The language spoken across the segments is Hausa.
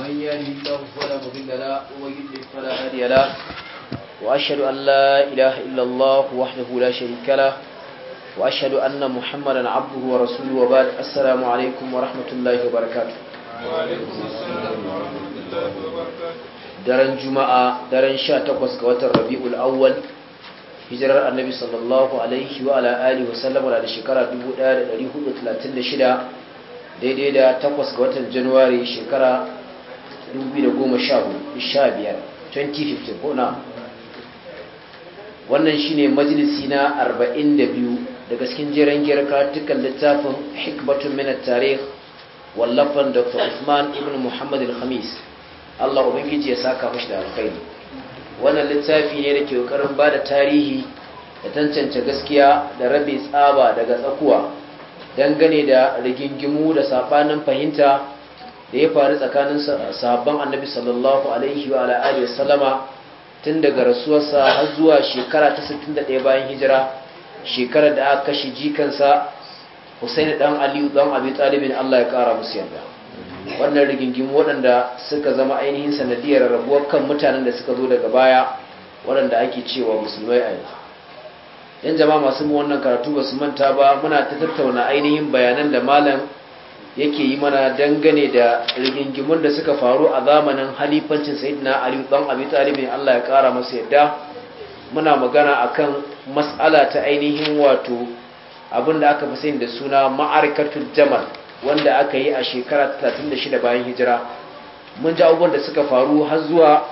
من يهده الله فلا مضل له ومن يضلل فلا هادي له واشهد ان لا اله الا الله وحده لا شريك له واشهد ان محمدا عبده ورسوله وبعد السلام عليكم ورحمه الله وبركاته daren juma'a daren sha 18 ga watan rabi'u awwal hijirar annabi sallallahu alaihi wa ala alihi wa sallam da shekara 1436 daidai da 8 ga watan january shekara 2015 ko na wannan shine majalisi na 42 daga cikin jiran girka tukan littafin hikmatun minar tarih wallafan dr usman ibn muhammad al-khamis allah ubangiji ya saka mashi da alkhairi wannan littafi ne da ke kokarin ba da tarihi da tantance gaskiya da rabe tsaba daga tsakuwa dangane da rigingimu da safanin fahimta da ya faru tsakanin sabon annabi sallallahu alaihi wa wa tun daga rasuwarsa har zuwa shekara ta sittin da ɗaya bayan hijira shekarar da aka kashe jikansa Husain dan Aliyu dan Abi talibin Allah ya kara musu yarda wannan rigingimu waɗanda suka zama ainihin sanadiyar rabuwar kan mutanen da suka zo daga baya waɗanda ake cewa musulmai a yanzu yan jama'a masu mu wannan karatu basu manta ba muna ta tattauna ainihin bayanan da malam yake yi mana dangane da rigingimun da suka faru a zamanin halifancin sayyidina ali dan abi talib ne Allah ya kara masa yadda muna magana a kan mas'ala ta ainihin wato abinda aka fi sani da suna ma'arikatul jamal wanda aka yi a shekara 36 bayan hijira mun ji abubuwan da suka faru har zuwa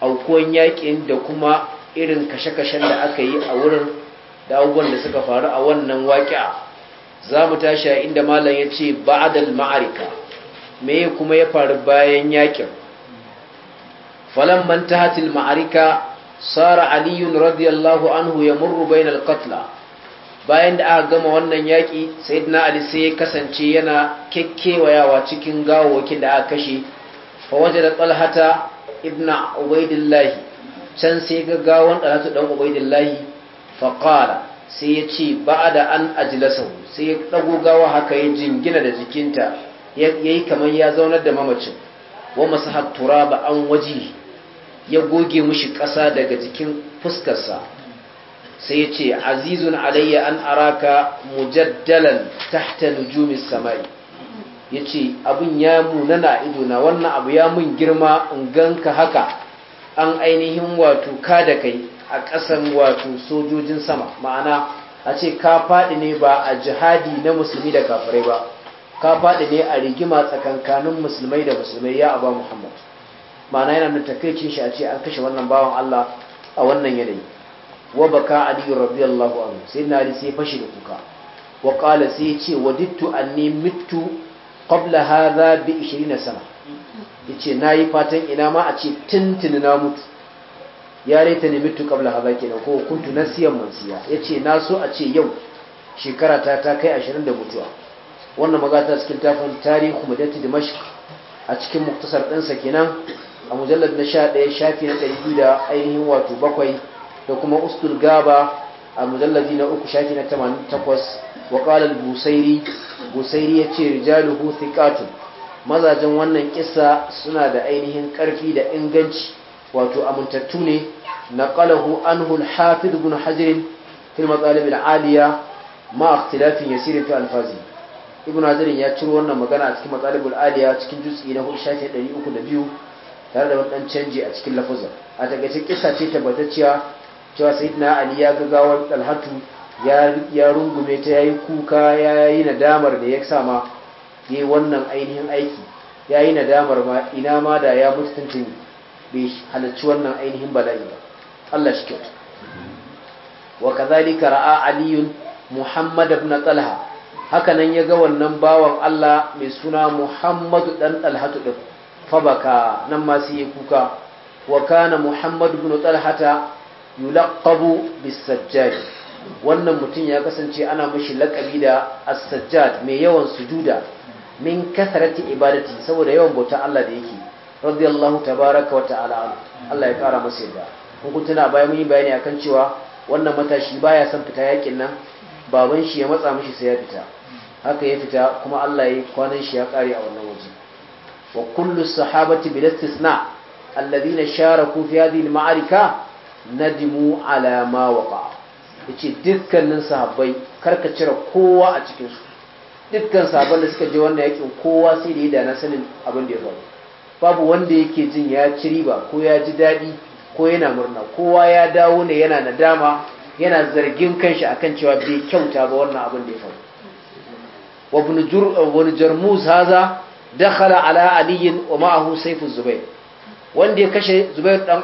aukuwan yakin da kuma irin kashe-kashen da aka yi a wurin da abubuwan da suka faru a wannan waƙi'a za mu tashi a inda malam ya ce ba'adal ma'arika me kuma ya faru bayan yakin falamman tahatil ma'arika sara aliyun radiyallahu anhu ya murru bainal katla bayan da aka gama wannan yaƙi sayyidina ali sai ya kasance yana kekkewayawa cikin gawowakin da aka kashe fa wajada talhata Ibna ubaidillah can sai ga gawon talhata dan ubaidillah fa qala sai ya ce ba da an ajilasau sai ya ɗago gawa haka ya jingina da jikinta ya yi kamar ya zaunar da mamacin wa masu hattura ba an waje ya goge mushi ƙasa daga jikin fuskarsa sai ya ce azizun alayya an araka mujaddalan tahta nujumis Samari, ya ce abin ya munana idona wannan abu ya mun girma in ganka haka an ainihin wato ka da kai a ƙasan wato sojojin sama ma'ana a ce ka faɗi ne ba a jihadi na musulmi da kafirai ba ka faɗi ne a rigima tsakankanin musulmai da musulmai ya aba muhammad ma'ana yana da takaicin shi a ce an kashe wannan bawan allah a wannan yanayi wa baka aliyu rabiyallahu anhu sai na sai fashi da kuka wa qala sai ce wadittu anni mittu qabla hadha bi 20 sana yace nayi fatan ina ma a ce tintini na mutu ya reta ne mitu haza ke nan ko kuntu nasiyan ya yace na so a ce yau shekara ta ta kai 20 da mutuwa wannan magata cikin tafin tarihu da mashi a cikin muktasar ɗinsa kenan a mujallar na 11 shafi na 200 da ainihin wato bakwai da kuma ustul gaba a mujalladi na uku shafi na 88 wa qala al-busairi busairi yace rijaluhu thiqatun mazajen wannan kissa suna da ainihin karfi da inganci wato amintattu ne na anhu an hafiz ibn hajar fi al-matalib al-aliya ma ya sirin fi alfazi ibn hajjirin ya ciro wannan magana a cikin matalib al-aliya cikin jutsi na biyu tare da wadannan canji a cikin lafaza. a takaice kisa ce tabbatacciya cewa na ali ya ga gawar talhatu ya rungume ta yayi kuka ya yi nadamar da ya sama yi wannan ainihin aiki ya yayi nadamar ma ina ma da ya mutu tuntuni bai halarci wannan ainihin bala'i ba Allah shi kyautu wa kazalika ra'a aliyun muhammad ibn talha haka nan ya ga wannan bawan Allah mai suna muhammadu dan talhatu din baka nan ma sai ya kuka wa kana muhammad ibn ta yulaqabu bis-sajjad wannan mutum ya kasance ana mashi lakabi da as-sajjad mai yawan sujuda min kasarati ibadati saboda yawan bauta Allah da yake radiyallahu tabaraka wa ta'ala Allah ya kara masa yadda kun kun tana bayan mun yi bayani akan cewa wannan matashi baya son fita yakin nan baban shi ya matsa mishi sai ya fita haka ya fita kuma Allah ya kwanan shi ya kare a wannan waje wa kullu sahabati bil istisna alladhina sharaku fi hadhihi al ma'arika nadimu ala ma waqa yace dukkanin sahabbai karka cire kowa a cikin su dukkan sahabban da suka je wannan yakin kowa sai da ya dana sanin abin da ya faru babu wanda yake jin ya ci riba ko ya ji daɗi ko yana murna kowa ya dawo ne yana nadama yana zargin kanshi akan cewa bai kyauta ba wannan abin da ya faru wa jarmus haza dakhala ala ali wa ma'ahu sayf zubair wanda ya kashe zubair dan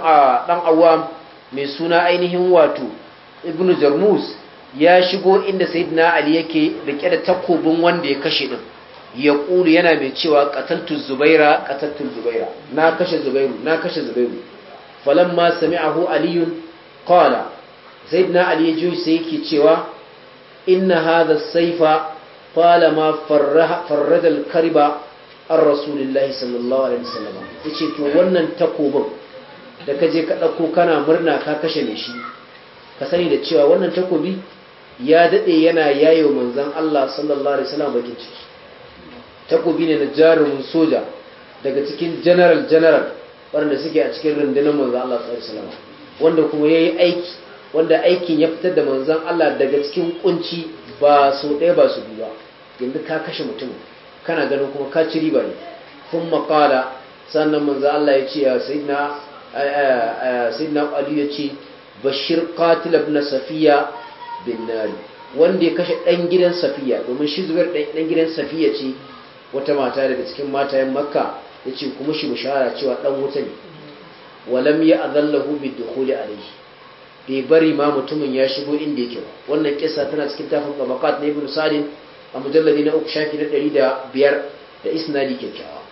dan awam mai suna ainihin wato ibn jarmus ya shigo inda sayyidina ali yake rike da takobin wanda ya kashe din ya ƙuri yana mai cewa ƙatattun zubaira ƙatattun zubaira na kashe zubairu na kashe zubairu falon ma sami ahu aliyun kawada zai na aliyu sai yake cewa inna haza saifa ƙwala ma farradar kariba an rasulullahi sallallahu alaihi wasallam ya ce to wannan takobin da ka je ka ɗauko kana murna ka kashe mai shi ka sani da cewa wannan takobi ya daɗe yana yayo manzan Allah sallallahu alaihi wasallam bakin ciki takobi ne na jarumin soja daga cikin general general waɗanda suke a cikin rundunar manzan Allah sallallahu wanda kuma ya yi aiki wanda aikin ya fitar da manzan Allah daga cikin kunci ba so ɗaya ba su biyu ba yanzu ka kashe mutum kana ganin kuma ka ci riba ne kun makala sannan manzan Allah ya ce ya sayidina eh, eh, eh, Ali ya ce bashir qatil na safiya bin nari wanda ya kashe ɗan gidan safiya domin shi zubar ɗan gidan safiya ce wata mata daga cikin matayen makka ya ce kuma shi bishara cewa ɗan wuta ne walam ya azallahu bi dukhuli alayhi bai bari ma mutumin ya shigo inda yake ba wannan kissa tana cikin tafin tabaqat na ibnu sadin a mujalladi na uku shafi na 105 da isnadi kyakkyawa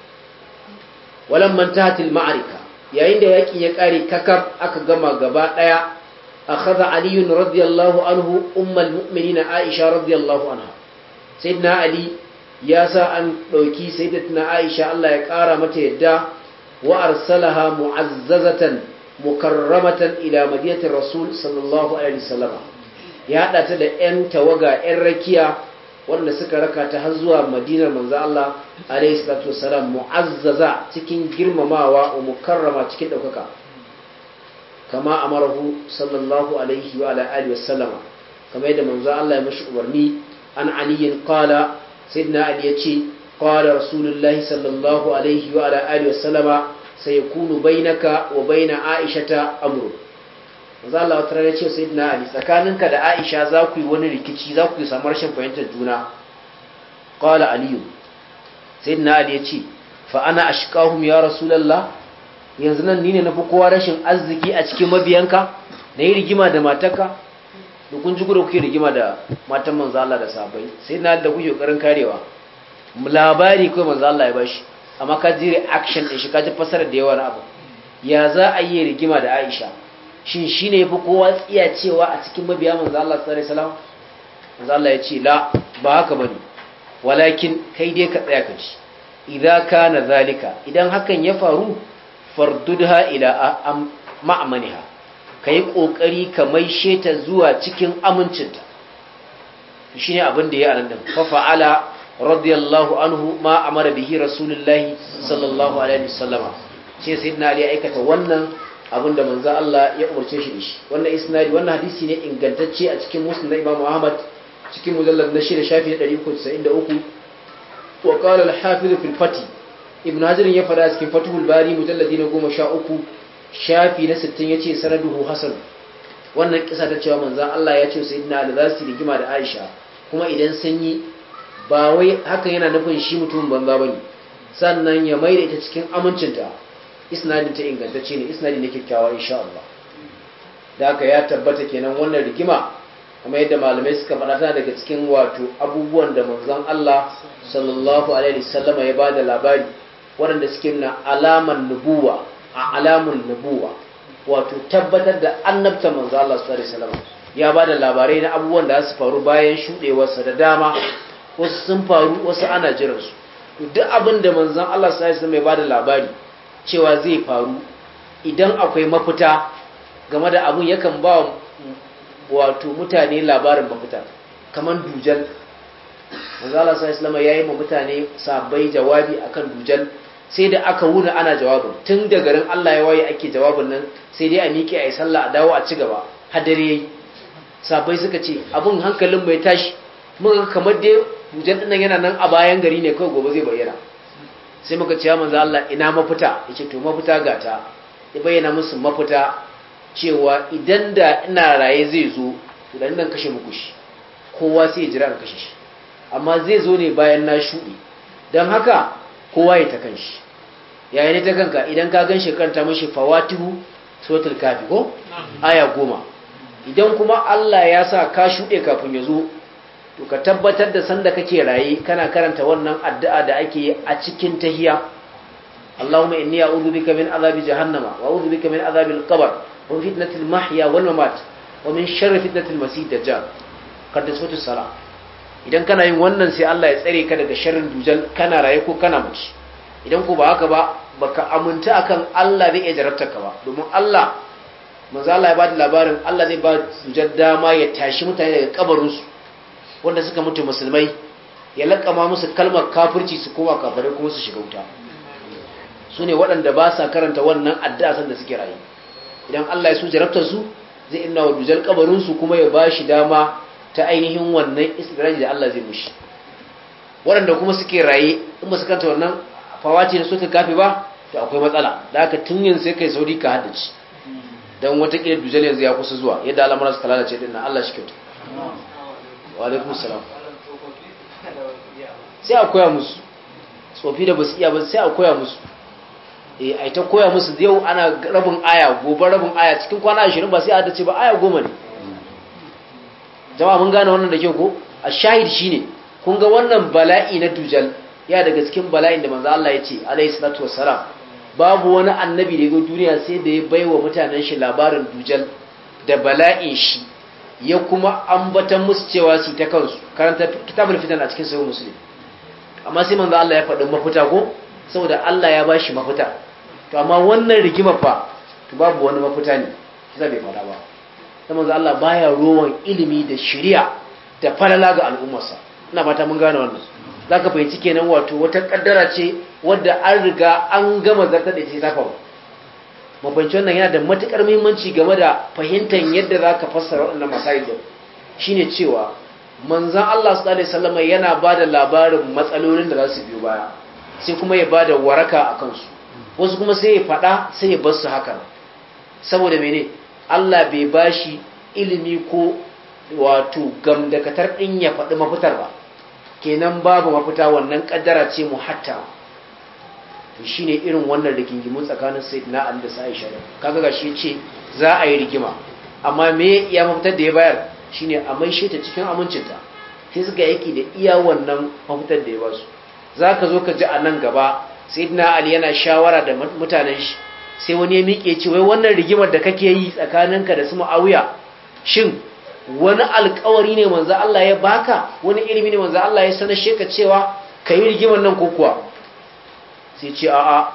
walam man tahatil ma'arika yayin da yaki ya kare kakar aka gama gaba daya akhadha ali radiyallahu anhu ummul mu'minin aisha radiyallahu anha sayyidina ali ya sa an ɗauki tuna aisha Allah ya ƙara mata yadda wa arsalaha mu'azzazatan mukarramatan ila madiyatir rasul sallallahu alaihi wasallam ya haɗa ta da ƴan tawaga ƴan rakiya wanda suka raka ta har zuwa madinar manzo Allah alaihi salatu wasallam mu'azzaza cikin girmamawa wa mukarrama cikin ɗaukaka kama amarahu sallallahu alaihi wa alihi wasallam kamar yadda manzo Allah ya mashi umarni an aliyin qala sayyidina ali yace qala rasulullahi sallallahu alaihi wa ala alihi wasallama sayakunu bainaka wa baina aishata amru manzo Allah wata rana ce sayyidina ali tsakaninka da aisha za ku yi wani rikici za ku yi samu rashin fahimtar juna qala ali sayyidina ali yace fa ana ashqahum ya rasulullah yanzu nan ni ne na fi kowa rashin arziki a cikin mabiyanka na yi rigima da matarka da kun ji gudu kuke rigima da matan manzo Allah da sabai sai na da kuke kokarin karewa labari kai manzo Allah ya bashi amma ka ji reaction din shi ka ji fasara da yawa abu ya za a yi rigima da Aisha shin shine yafi kowa tsiya cewa a cikin mabiya manzo Allah sallallahu alaihi wasallam manzo Allah ya ce la ba haka bane walakin kai dai ka tsaya ka ji idza kana zalika idan hakan ya faru fardudha ila ma'amaniha ka yi ƙoƙari ka mai sheta zuwa cikin amincinta shi ne abin da ya anan nan fafa'ala radiyallahu anhu ma mara bihi rasulullahi sallallahu alaihi wasallama shi sai na ali aikata wannan abin da manzan Allah ya umarce shi da shi wannan isnadi wannan hadisi ne ingantacce a cikin musnad Imam Ahmad cikin mujallar na shida shafi 393 wa qala al-hafiz fi al-fatih ibn hajar ya fara cikin fathul bari mujalladi na 13 shafi na sittin ya ce yace sanaduhu hasan wannan kisa ta cewa manzon Allah ya ce sayyidina Ali za su rigima da Aisha kuma idan sanyi ba wai hakan yana nufin shi mutum banza bane sannan ya maida ita cikin amincinta isnadin ta ingantacce ne isnadin ne kyakkyawa insha Allah da haka ya tabbata kenan wannan rigima kuma yadda malamai suka faɗa tana daga cikin wato abubuwan da manzon Allah sallallahu alaihi wasallam ya bada labari waɗanda suke na alaman nubuwa a alamun nubuwa wato tabbatar da annabta manzo Allah sallallahu alaihi wasallam ya bada labarai na abubuwan da su faru bayan shudewarsa da dama wasu sun faru wasu ana jiran su duk abin da manzon Allah sallallahu alaihi wasallam ya bada labari cewa zai faru idan akwai mafita game da abun yakan ba wato mutane labarin mafita kaman dujal manzo Allah sallallahu alaihi wasallam yayi ma mutane sabai jawabi akan dujal sai da aka wuna ana jawabin tun da garin Allah ya waye ake jawabin nan sai dai a miƙe a yi sallah a dawo a ci gaba hadari yayi sabai suka ce abin hankalin mai tashi ga kamar dai hujan dinnan yana nan a bayan gari ne kawai gobe zai bayyana sai muka ce ya manzo Allah ina mafita yace to mafita gata ya bayyana musu mafita cewa idan da ina raye zai zo to nan kashe muku shi kowa sai ya jira an kashe shi amma zai zo ne bayan na shuɗe don haka kowa ya ta kanshi yayin ne ta kanka idan ka gan karanta mashi fawatihu suratul kafi ko aya goma idan kuma Allah ya sa ka shuɗe kafin ya zo to ka tabbatar da sanda kake raye kana karanta wannan addu'a da ake yi a cikin tahiya Allahumma inni a'udhu bika min azabi jahannama wa a'udhu bika min azabi al-qabr wa fitnatil mahya wal mamat wa min sharri fitnatil masih dajjal kada sautu salat idan kana yin wannan sai Allah ya tsare ka daga sharrin dujal kana raye ko kana mutu idan ko ba haka ba baka aminta akan Allah zai iya jarabta ka ba domin Allah manzo Allah ya ba labarin Allah zai ba dujal dama ya tashi mutane daga kabarin su wanda suka mutu musulmai ya lakama musu kalmar kafirci su koma kafare kuma su shiga wuta su ne waɗanda ba sa karanta wannan addu'a san da suke rayu idan Allah ya su jarabtar su zai inna wa dujal kabarin su kuma ya ba shi dama ta ainihin wannan istidraji da Allah zai mushi waɗanda kuma suke raye in ba su kanta wannan fawace da suka kafe ba to akwai matsala da aka tun yin sai kai sauri ka haddace don ƙirar dujal yanzu ya kusa zuwa yadda al'amuran su talalace din na Allah shi kyauta wa alaikum salam sai a koya musu tsofi da basu iya ba sai a koya musu eh ai ta koya musu yau ana rabin aya gobe rabin aya cikin kwana 20 ba sai a haddace ba aya goma ne jama'a mun gane wannan da kyau ko a shahid shi ne kun ga wannan bala'i na dujal ya daga cikin bala'in da manzo Allah ya ce alayhi salatu wassalam babu wani annabi da ya duniya sai da ya bai wa mutanen shi labarin dujal da bala'in shi ya kuma ambatan musu cewa su ta kansu karanta kitabul fitan a cikin sahih muslim amma sai manzo Allah ya faɗi mafuta ko saboda Allah ya bashi mafuta to amma wannan rigima fa to babu wani mafuta ne shi bai faɗa ba da manzo Allah baya rowan ilimi da shari'a da falala ga al'ummarsa ina fata mun gane wannan zaka fahimci kenan wato wata kaddara ce wadda an riga an gama zata da ba ta fahimci wannan yana da matukar muhimmanci game da fahimtar yadda zaka fassara wannan masail din shine cewa manzon Allah sallallahu alaihi wasallam yana bada labarin matsalolin da za su biyo baya sai kuma ya bada waraka akan su wasu kuma sai ya fada sai ya bar su haka saboda mene Allah bai ba shi ilimi ko wato gamdakatar ɗin ya faɗi mafitar ba kenan babu mafita wannan ƙaddara ce hatta to shine irin wannan rigingimu tsakanin sayyidina Ali da Aisha kaga gashi ce za a yi rigima amma me ya mafitar da ya bayar shine a maishe ta cikin amincinta Fisga suka yake da iya wannan mafitar da ya basu zaka zo ka ji a nan gaba sayyidina Ali yana shawara da mutanen shi sai wani ya miƙe ce wai wannan rigimar da kake yi tsakaninka da su ma'auya. shin wani alkawari ne manzo Allah ya baka wani ilimi ne manzo Allah ya sanar sheka cewa kai rigimar nan ko kuwa sai ce a'a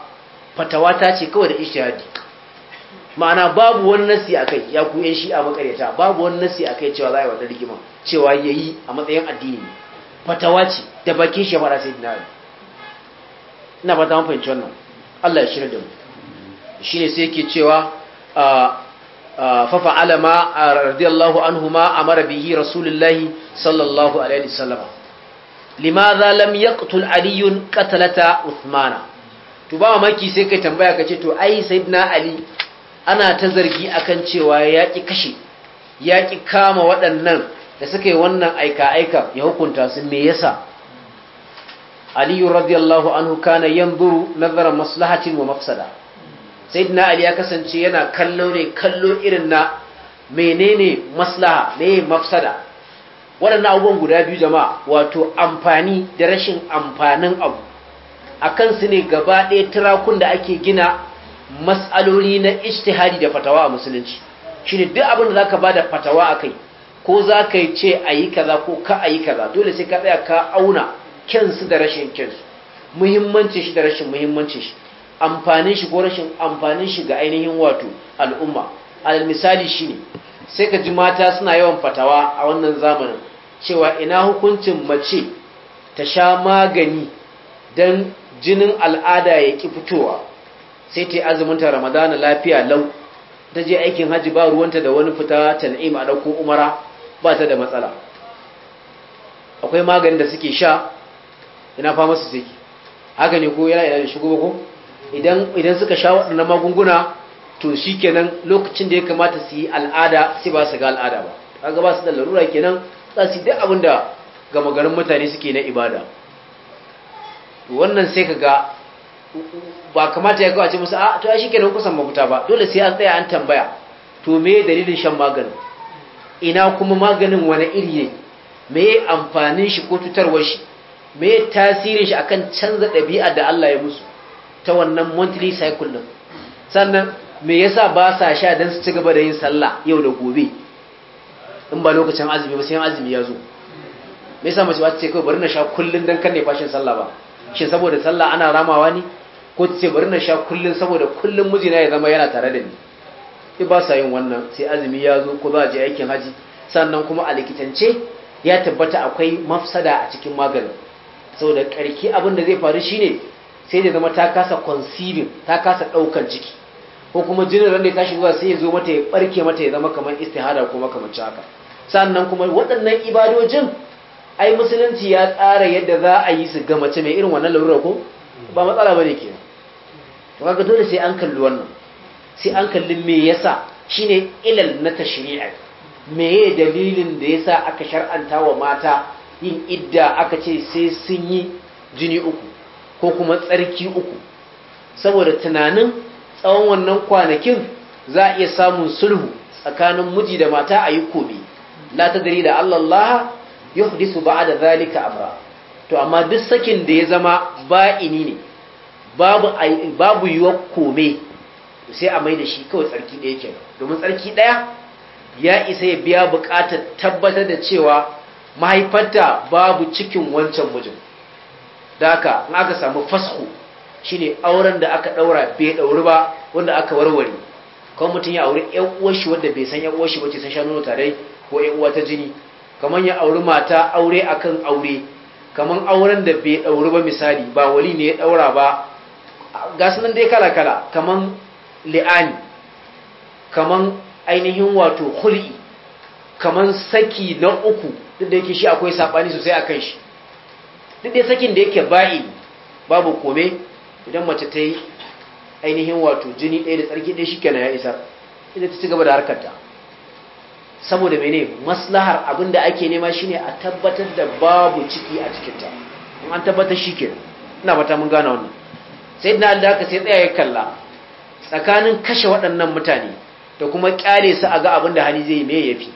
fatawa ta ce kawai da ishtihadi ma'ana babu wani nasi akai ya ku yan a makareta babu wani nasi akai cewa za a yi wannan rigimar cewa yayi a matsayin addini fatawa ce da bakin shi fara sai dinari ina fata mun wannan Allah ya shirya da mu ne sai yake cewa fafa alama radiyallahu anhu ma mara bihi rasulullahi sallallahu alaihi wasallam limadha lam yaqtul aliyun katalata uthmana to ba maki sai kai tambaya ka ce to ai sayyidina ali ana ta zargi akan cewa ya ƙi kashe ya ƙi kama waɗannan da suka yi wannan aika aika ya hukunta su me yasa Aliyu radiyallahu anhu kana yanzuru nazarar maslahatin wa mafsada sayyidina ali ya kasance yana kallo ne kallo irin na menene maslaha ne mafsada waɗannan abubuwan guda biyu jama'a wato amfani da rashin amfanin abu a kansu ne gaba ɗaya tirakun da ake gina matsaloli na ijtihadi da fatawa a musulunci shi duk abin da za ka ba da fatawa a kai ko za ka yi ce a yi kaza ko ka a yi kaza dole sai ka tsaya ka auna kyansu da rashin kyansu muhimmancin shi da rashin muhimmancin shi amfanin shi ko rashin amfanin shi ga ainihin wato al'umma al misali shine sai ka ji mata suna yawan fatawa a wannan zamanin cewa ina hukuncin mace ta sha magani don jinin al'ada ya ki fitowa sai ta yi azuminta ramadana lafiya lau ta je aikin hajji ba ruwanta da wani fita tan'im a ɗauko umara ba ta da matsala akwai maganin da suke sha ina fa masu suke haka ne ko yana ina shigo ba ko idan suka sha waɗannan magunguna to shi kenan lokacin da ya kamata su yi al'ada sai ba su ga al'ada ba a ba su da larura kenan za su yi duk abin gama garin mutane suke na ibada wannan sai ka ga ba kamata ya kawo a ce musu a ah, to ya shi kenan kusan mafuta ba dole sai an tsaya an tambaya to me dalilin shan maganin ina kuma maganin wani iri ne me amfanin shi ko tutarwar shi me tasirin shi akan canza ɗabi'a da Allah ya musu ta wannan monthly cycle din sannan me yasa ba sa sha dan su ci gaba da yin sallah yau da gobe in ba lokacin azumi ba sai azumi ya zo me yasa mace ce kai bari na sha kullun dan kanne fashin sallah ba shin saboda sallah ana ramawa ne ko ce bari na sha kullun saboda kullun mijina ya zama yana tare da ni sai ba sa yin wannan sai azumi ya zo ko za a je aikin haji sannan kuma a likitance ya tabbata akwai mafsada a cikin maganin saboda karki abin da zai faru shine sai da zama ta kasa conceiving ta kasa ɗaukan ciki ko kuma jinin ran da ya tashi zuwa sai ya zo mata ya barke mata ya zama kamar istihada ko makamancin haka sannan kuma waɗannan ibadojin ai musulunci ya tsara yadda za a yi su ga mace mai irin wannan larura ko ba matsala bane kenan to kaga dole sai an kalli wannan sai an kalli me yasa shine ilal na tashri'a meye dalilin da yasa aka shar'anta wa mata yin idda aka ce sai sun yi jini uku ko kuma tsarki uku saboda tunanin tsawon wannan kwanakin za a iya samun sulhu tsakanin miji da mata a yi komi la ta da Allah ya su ba'a da zalika amra to amma duk sakin da ya zama ba'ini ne babu yiwuwar kome sai a mai da shi kawai tsarki ɗaya ke domin tsarki ɗaya ya isa ya biya buƙatar tabbatar da cewa mahaifarta babu cikin wancan mijin da in aka samu fasku shine auren da aka daura bai dauri ba wanda aka warware kan mutum ya auri yan uwar shi wanda bai san yan uwar shi bace san shanu tare ko yan uwa ta jini kaman ya auri mata aure akan aure kaman auren da bai dauri ba misali ba wali ne ya daura ba ga dai kala kala kaman li'ani kaman ainihin wato hul'i kaman saki na uku duk da yake shi akwai sabani sosai akan shi duk dai sakin da yake ba'i babu kome idan mace ta yi ainihin wato jini ɗaya da tsarki ɗaya shi na ya isa idan ta ci gaba da harkarta saboda mene maslahar abin da ake nema shine a tabbatar da babu ciki a cikinta in an tabbatar shi ke ina fata mun gane wannan sai na da aka sai tsaya ya kalla tsakanin kashe waɗannan mutane da kuma kyale su a ga abin da hali zai me fi,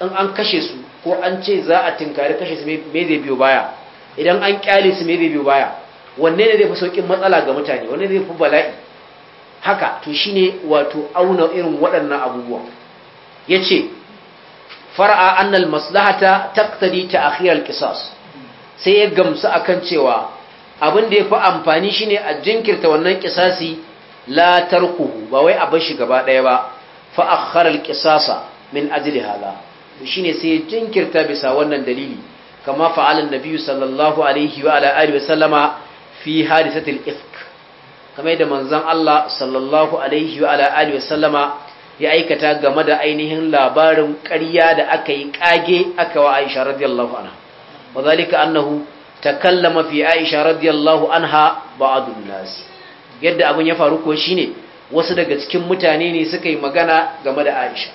in an kashe su ko an ce za a tinkari kashe su me zai biyo baya idan an kyale su me bebe baya wanne ne zai fi saukin matsala ga mutane wanne zai fi bala'i haka to shine wato auna irin waɗannan abubuwa yace far'a anna maslahata taqtadi ta'khir al kisas, sai ya gamsu akan cewa abin da yafi amfani shine a jinkirta wannan kisasi la tarkuhu ba wai a bashi gaba ɗaya ba fa akhara al-qisasa min ajli hala shine sai ya jinkirta bisa wannan dalili kama fa'alan nabiyyu sallallahu alaihi wa sallama fi hadisatil ifk kamar da manzon Allah sallallahu alaihi wa ala ya aikata game da ainihin labarin ƙarya da aka yi ƙage aka wa Aisha radiyallahu anha wa zalika annahu takallama fi Aisha radiyallahu anha ba'dun nas yadda abin ya faru ko shine wasu daga cikin mutane ne suka yi magana game da Aisha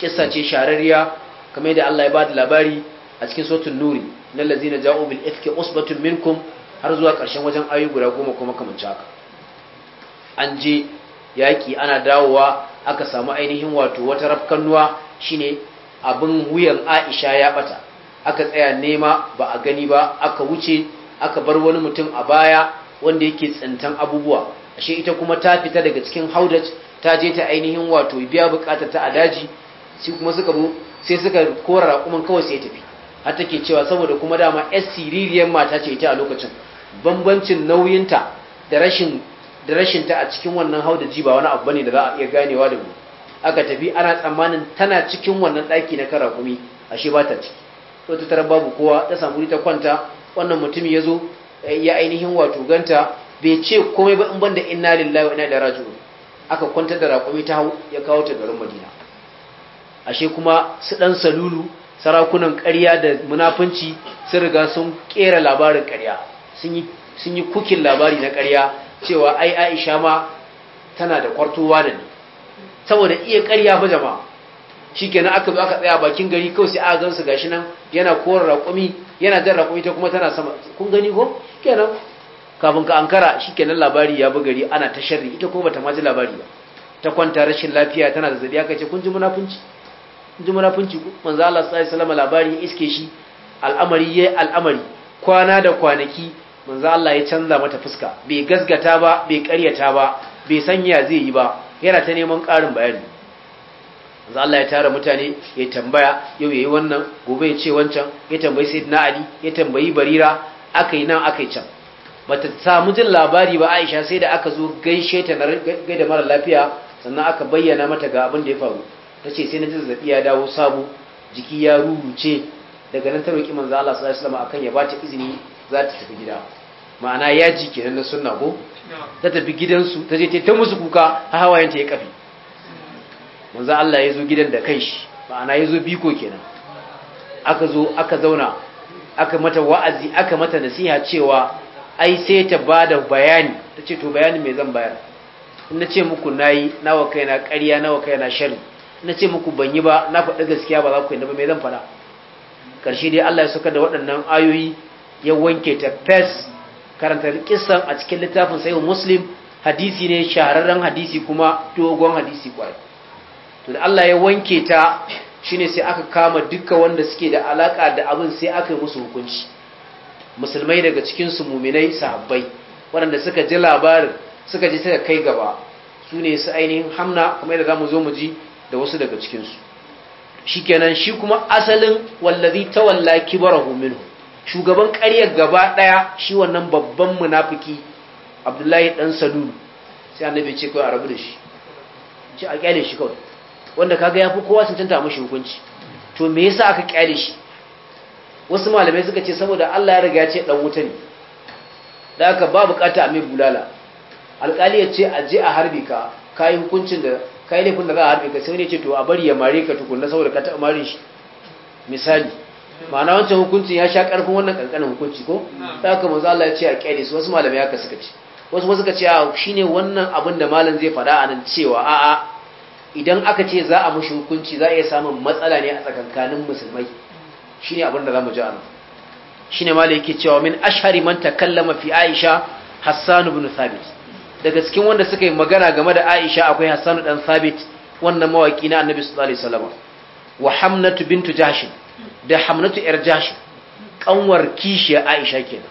Ƙisa ce shararriya kama da Allah ya ba da labari a cikin sautin nuri na na ja'u bil ifki usbatun minkum har zuwa ƙarshen wajen ayu guda goma kuma kamar haka an je yaki ana dawowa aka samu ainihin wato wata rafkannuwa shine abin wuyan Aisha ya bata aka tsaya nema ba a gani ba aka wuce aka bar wani mutum a baya wanda yake tsintan abubuwa ashe ita kuma ta fita daga cikin haudat ta je ta ainihin wato biya bukatar ta a daji sai kuma suka bu sai suka kora kuma kawai sai tafi har ke cewa saboda kuma dama yar siririyar mata ce ita a lokacin bambancin nauyinta da rashin ta a cikin wannan hauda ji ba wani abu bane da za a iya ganewa da mu aka tafi ana tsammanin tana cikin wannan ɗaki na karakumi ashe ba ta ciki to ta tarar babu kowa ta samu ta kwanta wannan mutum ya zo ya ainihin wato ganta bai ce komai ba in banda inna lillahi wa inna ilaihi raji'un aka kwantar da raƙumi ta hau ya kawo ta garin madina ashe kuma su ɗan salulu sarakunan ƙarya da munafunci sun riga sun ƙera labarin ƙarya sun yi kukin labari na ƙarya cewa ai aisha ma tana da kwartowa da ni saboda iya ƙarya ba jama'a shi kenan aka zo aka tsaya bakin gari kawai sai aka gansu gashi nan yana korar raƙumi yana jan raƙumi ta kuma tana sama kun gani ko kenan kafin ka ankara shi kenan labari ya bi gari ana ta sharri ita ko bata ma ji labari ba ta kwanta rashin lafiya tana zazzabi aka ce kun ji munafunci ji munafunci manzo Allah sallallahu alaihi wasallam labari ya iske shi al'amari yayi al'amari kwana da kwanaki manzo Allah ya canza mata fuska bai gasgata ba bai ƙaryata ba bai sanya zai yi ba yana ta neman ƙarin bayani manzo Allah ya tara mutane ya tambaya yau yayi wannan gobe ya ce wancan ya tambayi sayyidina Ali ya tambayi Barira akai nan akai can bata samu jin labari ba Aisha sai da aka zo gaishe ta na gaida mara lafiya sannan aka bayyana mata ga abin da ya faru ta ce sai na zazzabi ya dawo sabo jiki ya ruruce daga nan ta roƙi manzo Allah sallallahu alaihi wasallam akan ya bata izini za ta tafi gida ma'ana ya ji kenan na sunna ko ta tafi gidansu ta je ta musu kuka har hawayen ta ya kafi manzo Allah ya zo gidan da kai shi ma'ana ya zo biko kenan aka zo aka zauna aka mata wa'azi aka mata nasiha cewa ai sai ta bada bayani ta ce to bayani me zan bayar in na ce muku nayi nawa kaina ƙarya nawa kaina sharri na ce muku ban yi ba na faɗi gaskiya ba za ku yi na ba me zan faɗa ƙarshe dai Allah ya saka da waɗannan ayoyi ya wanke ta fes karanta kisan a cikin littafin sayo muslim hadisi ne shahararren hadisi kuma dogon hadisi kwai to da Allah ya wanke ta shine sai aka kama duka wanda suke da alaka da abin sai aka yi musu hukunci musulmai daga cikin su muminai sahabbai waɗanda suka ji labarin suka ji suka kai gaba su ne su ainihin hamna kamar yadda zamu zo mu ji da wasu daga cikinsu shikenan shi kuma asalin wallazi tawalla kibarahu minhu shugaban ƙaryar gaba ɗaya shi wannan babban munafiki abdullahi dan sadudu sai annabi ce kai a rabu da shi ce a kyale shi kawai wanda kaga yafi kowa sun tanta mashi hukunci to me yasa aka kyale shi wasu malamai suka ce saboda Allah ya riga ya ce dan wuta ne da aka ba bukata a mai bulala alƙali ya ce a je a harbi ka kayi hukuncin da kai kun da za a harbe ka sai ne ce to a bari ya mare ka tukunna saboda ka taɓa marin shi misali ma'ana wancan hukunci ya sha ƙarfin wannan ƙanƙanin hukunci ko ta haka manzo Allah ya ce a kyale su wasu malamai haka suka ce wasu wasu ka ce a shine wannan abin da malam zai faɗa a nan cewa a'a idan aka ce za a mushi hukunci za a iya samun matsala ne a tsakankanin musulmai shine abin da za mu ji a nan shine ma yake cewa min ashari man takallama fi Aisha Hassan ibn Thabit daga cikin wanda suka yi magana game da Aisha akwai Hassan dan Sabit wannan mawaki na Annabi sallallahu alaihi wasallam wa Hamnatu bintu Jahsh da Hamnatu yar Jahsh kanwar kishiya Aisha kenan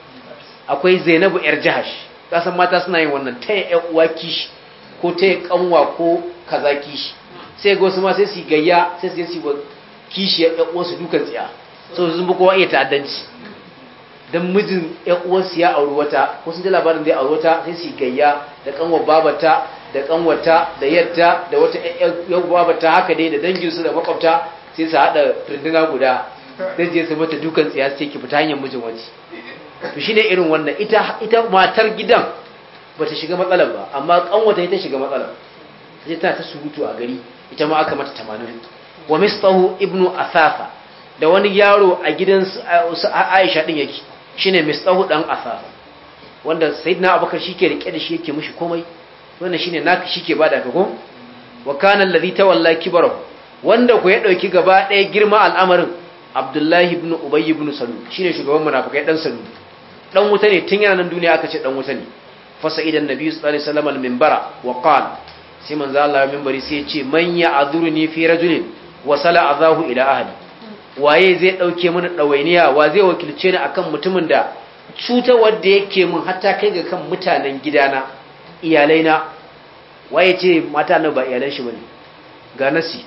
akwai Zainabu yar Jahsh kasan mata suna yin wannan ta 'yar uwa kishi ko ta kanwa ko kaza kishi sai ga wasu ma sai su gayya sai su yi kishiya uwa su dukan tsiya so sun bi kowa iya ta'addanci don mijin ‘yan uwansu ya auri wata ko sun ji labarin ya auri wata sai su gayya da kanwar babata da kanwata da yadda da wata ‘yan babata haka dai da dangin danginsu da makwabta sai su haɗa runduna guda zai je su mata dukan tsaya su ke fita hanyar mijin wani to shine irin wannan ita matar gidan ba ta shiga matsalar ba amma kanwata ita shiga matsalar sai ta ta surutu a gari ita ma aka mata tamanin wa mistahu ibnu asafa da wani yaro a gidan Aisha din yake shine mistahu dan asar wanda sayyidina abubakar ke rike da shi yake mushi komai wannan shine naka shike bada ka ko wa kana allazi wallaki baro wanda ku ya ɗauki gaba ɗaya girma al'amarin abdullahi ibn ubay ibn salul shine shugaban munafikai dan salul dan wuta ne tun yana nan duniya aka ce dan wuta ne fa sa'idan nabi sallallahu alaihi wasallam al-minbara wa qala sai manzo Allah ya minbari sai ya ce man ya'dhuruni fi rajulin wasala azahu ila ahli waye zai ɗauke mana ɗawainiya wa zai wakilce ni akan mutumin da Cuta wanda yake min hatta kai ga kan mutanen gidana iyalaina waye ce mata na ba iyalan shi bane ga nasi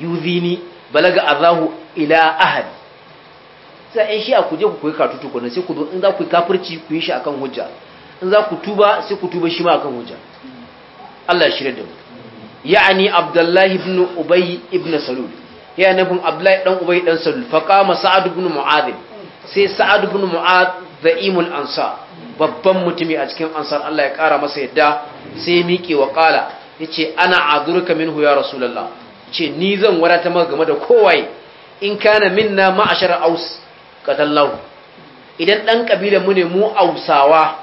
yuzini balaga azahu ila ahad sai in shi a kuje ku koyi katutu ne sai ku zo in za ku yi kafirci ku yi shi akan hujja in za ku tuba sai ku tuba shi ma akan hujja Allah ya shirya da mu ya'ani abdullahi ibn ubay ibn salul ya nufin abdullahi dan ubay dan salul fa qama sa'ad ibn mu'adh sai sa'ad ibn mu'adh za'imul ansar babban mutumi a cikin ansar Allah ya kara masa yadda sai miƙe wa qala yace ana azurka minhu ya rasulullah yace ni zan wadata maka game da kowaye in kana minna ma'ashar aus qatallahu idan ɗan ƙabilan mu ne mu ausawa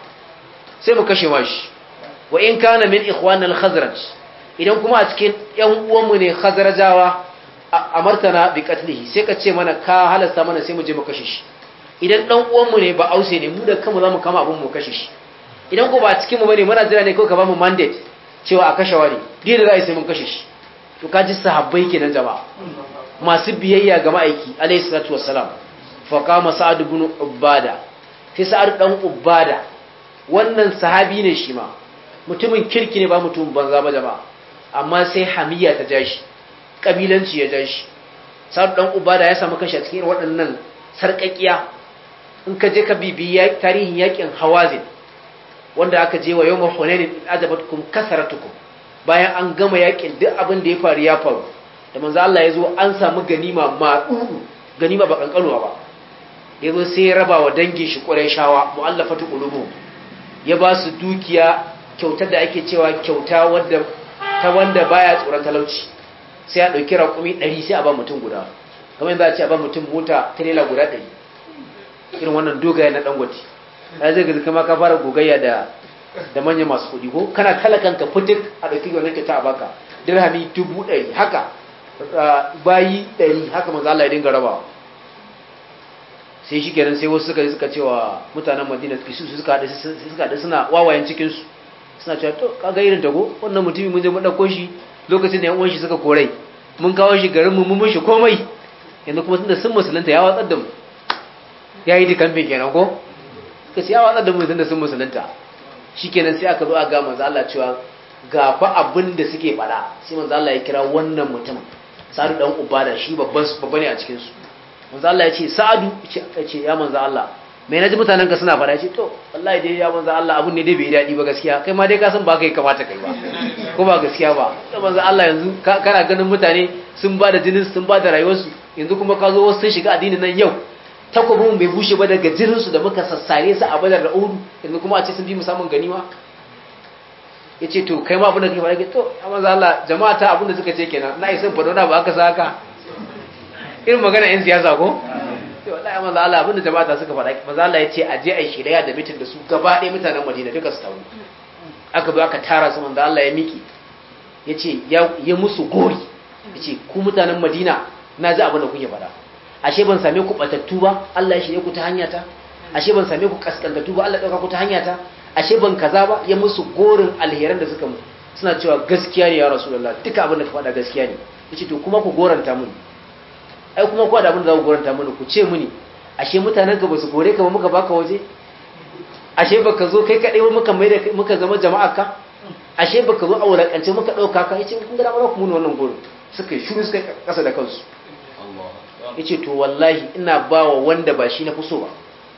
sai mu kashe mashi wa in kana min ikhwanal khazraj idan kuma a cikin 'yan uwanmu ne khazrajawa amartana bi katlihi sai ka ce mana ka halasta mana sai mu je mu kashe shi idan dan uwan mu ne ba ause ne mu da kanmu zamu kama abun mu kashe shi idan ko ba cikin mu bane muna jira ne ko ka ba mu mandate cewa a kashe wani dai da za a yi sai mun kashe shi to ka ji sahabbai kenan jama'a masu biyayya ga ma'aiki alayhi salatu wassalam fa qama sa'ad ibn ubada sai sa'ad dan ubada wannan sahabi ne shi ma mutumin kirki ne ba mutum banza ba jama'a amma sai hamiya ta jashi kabilanci ya jan shi sar dan da ya samu kashi cikin waɗannan sarƙaƙiya in ka je ka bibi tarihin yakin hawazin wanda aka je wa yawmar hunainin ajabatkum kasaratukum bayan an gama yakin duk abin da ya faru ya faru da manzo Allah ya zo an samu ganima maɗu'u ganima ba kankanuwa ba ya zo sai ya raba wa dangin shi shawa, mu'allafatu qulubu ya ba su dukiya kyauta da ake cewa kyauta wadda ta wanda baya tsoron talauci sai a ɗauki raƙumi ɗari sai a ba mutum guda kamar za a ce a ba mutum mota tirela guda ɗari irin wannan dogaye na dangote ya zai gaza kama ka fara gogayya da da manyan masu kuɗi ko kana kala ka fitik a ɗauki wannan kyauta a baka dirhami dubu ɗari haka bayi ɗari haka manzo Allah ya dinga raba. sai shi kenan sai wasu suka yi suka cewa mutanen madina su suka haɗe suna wawayen cikinsu suna cewa to kaga irin tago wannan mutumin mun je mu ɗauko shi lokacin da yan uwan shi suka korai mun kawo shi garin mu mun mishi komai yanzu kuma tunda sun musulunta ya watsar da mu ya yi dikamfin kenan ko suka ce ya watsar da mu tunda sun musulunta shikenan sai aka zo a ga manzala Allah cewa ga fa abin da suke fada sai manzo Allah ya kira wannan mutum Sa'adu dan Ubada shi babban babba ne a cikin su manzo Allah ya ce Sa'adu ya ce ya manzo Allah mai ji mutanen ka suna fara shi to wallahi dai ya manzo Allah abun ne dai bai daɗi ba gaskiya kai ma dai ka san ba kai kamata kai ba ko ba gaskiya ba to manzo Allah yanzu kana ganin mutane sun ba da jinin sun ba da rayuwarsu yanzu kuma ka zo wasu sun shiga addinin nan yau takobin bai bushe ba daga jinin su da muka sassare su a badar da yanzu kuma a ce sun bi mu samun ganima yace to kai ma abun da kai fara ke to ya manzo Allah jama'a ta abun da suka ce kenan na isan fadona ba aka saka irin magana yan siyasa ko sai wallahi manzo Allah abinda jama'a suka faɗa manzo Allah ya ce a je a shirya da mitin da su gaba ɗaya mutanen Madina duka su taru aka bi aka tara su manzo Allah ya miki ya ce ya musu gori ya ce ku mutanen Madina na ji abin da kuke faɗa ashe ban same ku batattu ba Allah ya shirye ku ta hanyata ashe ban same ku kaskantattu ba Allah ya ɗauka ku ta hanyata ashe ban kaza ba ya musu gorin alheran da suka mu suna cewa gaskiya ne ya rasulullah duka abin da ka faɗa gaskiya ne yace to kuma ku goranta mun ai kuma ko da abin da za ku goranta mana ku ce muni ashe mutanen ka ba su gore ka ba muka baka waje ashe baka zo kai kadai muka mai da muka zama jama'a ka ashe baka zo a wulakance muka dauka ka yace kun ga dama ku mun wannan gurin suka shuru suka kasa da kansu yace to wallahi ina bawa wanda ba shi na kuso ba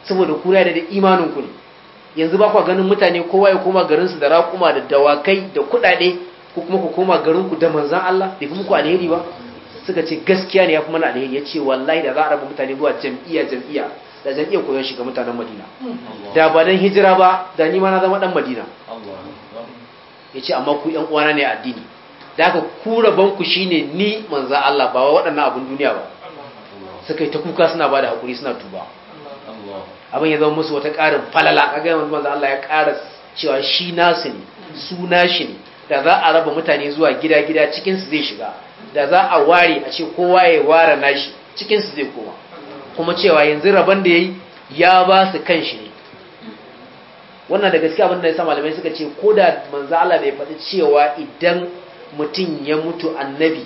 saboda kura da imanin ku ne yanzu ba ku ganin mutane kowa ya koma garin su da raƙuma da dawakai da kudade ko kuma ku koma garin ku da manzan Allah bai fi muku alheri ba suka ce gaskiya ne ya fi mana alheri ya ce wallahi da za a raba mutane zuwa jam'iyya jam'iyya da jam'iyyar koyon shiga mutanen madina da ba don hijira ba da ni ma na zama dan madina ya ce amma ku yan uwana ne addini da aka kura banku shi ne ni manza Allah ba waɗannan abin duniya ba suka yi ta kuka suna ba da haƙuri suna tuba abin ya zama musu wata ƙarin falala kaga yawan manza Allah ya ƙara cewa shi nasu ne su nashi ne da za a raba mutane zuwa gida-gida cikinsu zai shiga da za a ware a ce kowa ya ware nashi cikin su zai kowa kuma cewa yanzu rabon da yayi ya ba su shi ne wannan da gaske abin da yasa malamai suka ce ko da manzo Allah bai faɗi cewa idan mutum ya mutu annabi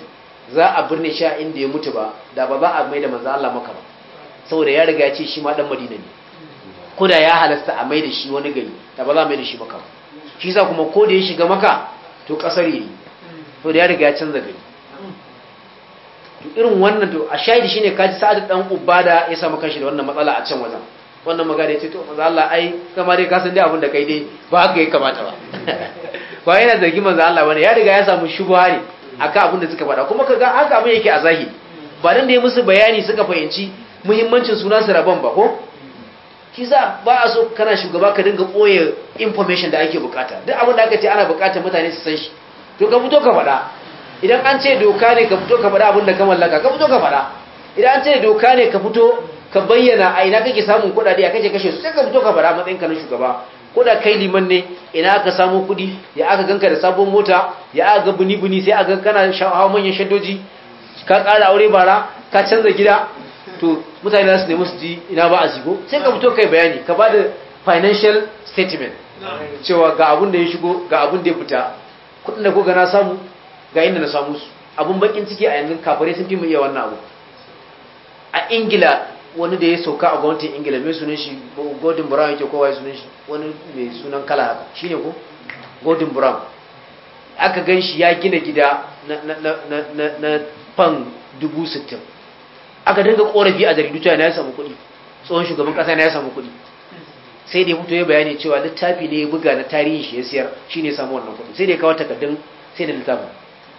za a birni sha a inda ya mutu ba da ba za a mai da manzo Allah maka ba saboda ya riga ya ce shi ma dan Madina ne ko ya halasta a mai da shi wani gari da ba za a mai da shi maka ba shi sa kuma ko da ya shiga maka to kasar yi to da ya riga ya canza gari to irin wannan to a shaidi shine kaji sa'ad dan ubada ya samu kanshi da wannan matsala a can wajen wannan magana ce to manzo Allah ai kamar dai ka san dai abin da kai dai ba haka ya kamata ba ko yana zargi manzo Allah bane ya riga ya samu shubha ne akan abin da suka faɗa kuma kaga haka abin yake a zahiri ba dan da ya musu bayani suka fahimci muhimmancin sunan su rabon ba ko kisa ba a so kana shugaba ka dinga koye information da ake bukata duk abin da aka ce ana bukatar mutane su san shi to ka fito ka faɗa idan an ce doka ne ka fito ka faɗa abin da ka mallaka ka fito ka fada idan an ce doka ne ka fito ka bayyana a ina kake samun kuɗaɗe a kake kashe su sai ka fito ka faɗa matsayin na shugaba ko da kai liman ne ina aka samu kuɗi ya aka ganka da sabon mota ya aka ga buni-buni sai aka kana hawa manyan shaddoji ka ƙara aure bara ka canza gida to mutane za su nemi su ji ina ba a shigo sai ka fito kai bayani ka ba da financial statement cewa ga abin da ya shigo ga abin da ya fita kuɗin da ko ga na samu ga inda na samu su abun bakin ciki a yanzu kafare sun fi mu iya wannan abu a ingila wani da ya sauka a gwamnatin ingila mai sunan shi gordon brown yake kowa ya sunan shi wani mai sunan kala haka shi ne ko gordon brown aka gan shi ya gina gida na fan dubu sittin aka dinga korafi a jaridu cewa na ya samu kuɗi tsohon shugaban ƙasa na ya samu kuɗi sai da ya fito ya bayani cewa littafi ne ya buga na tarihin shi ya siyar shi ne samu wannan kuɗi sai da ya kawo takardun sai da littafin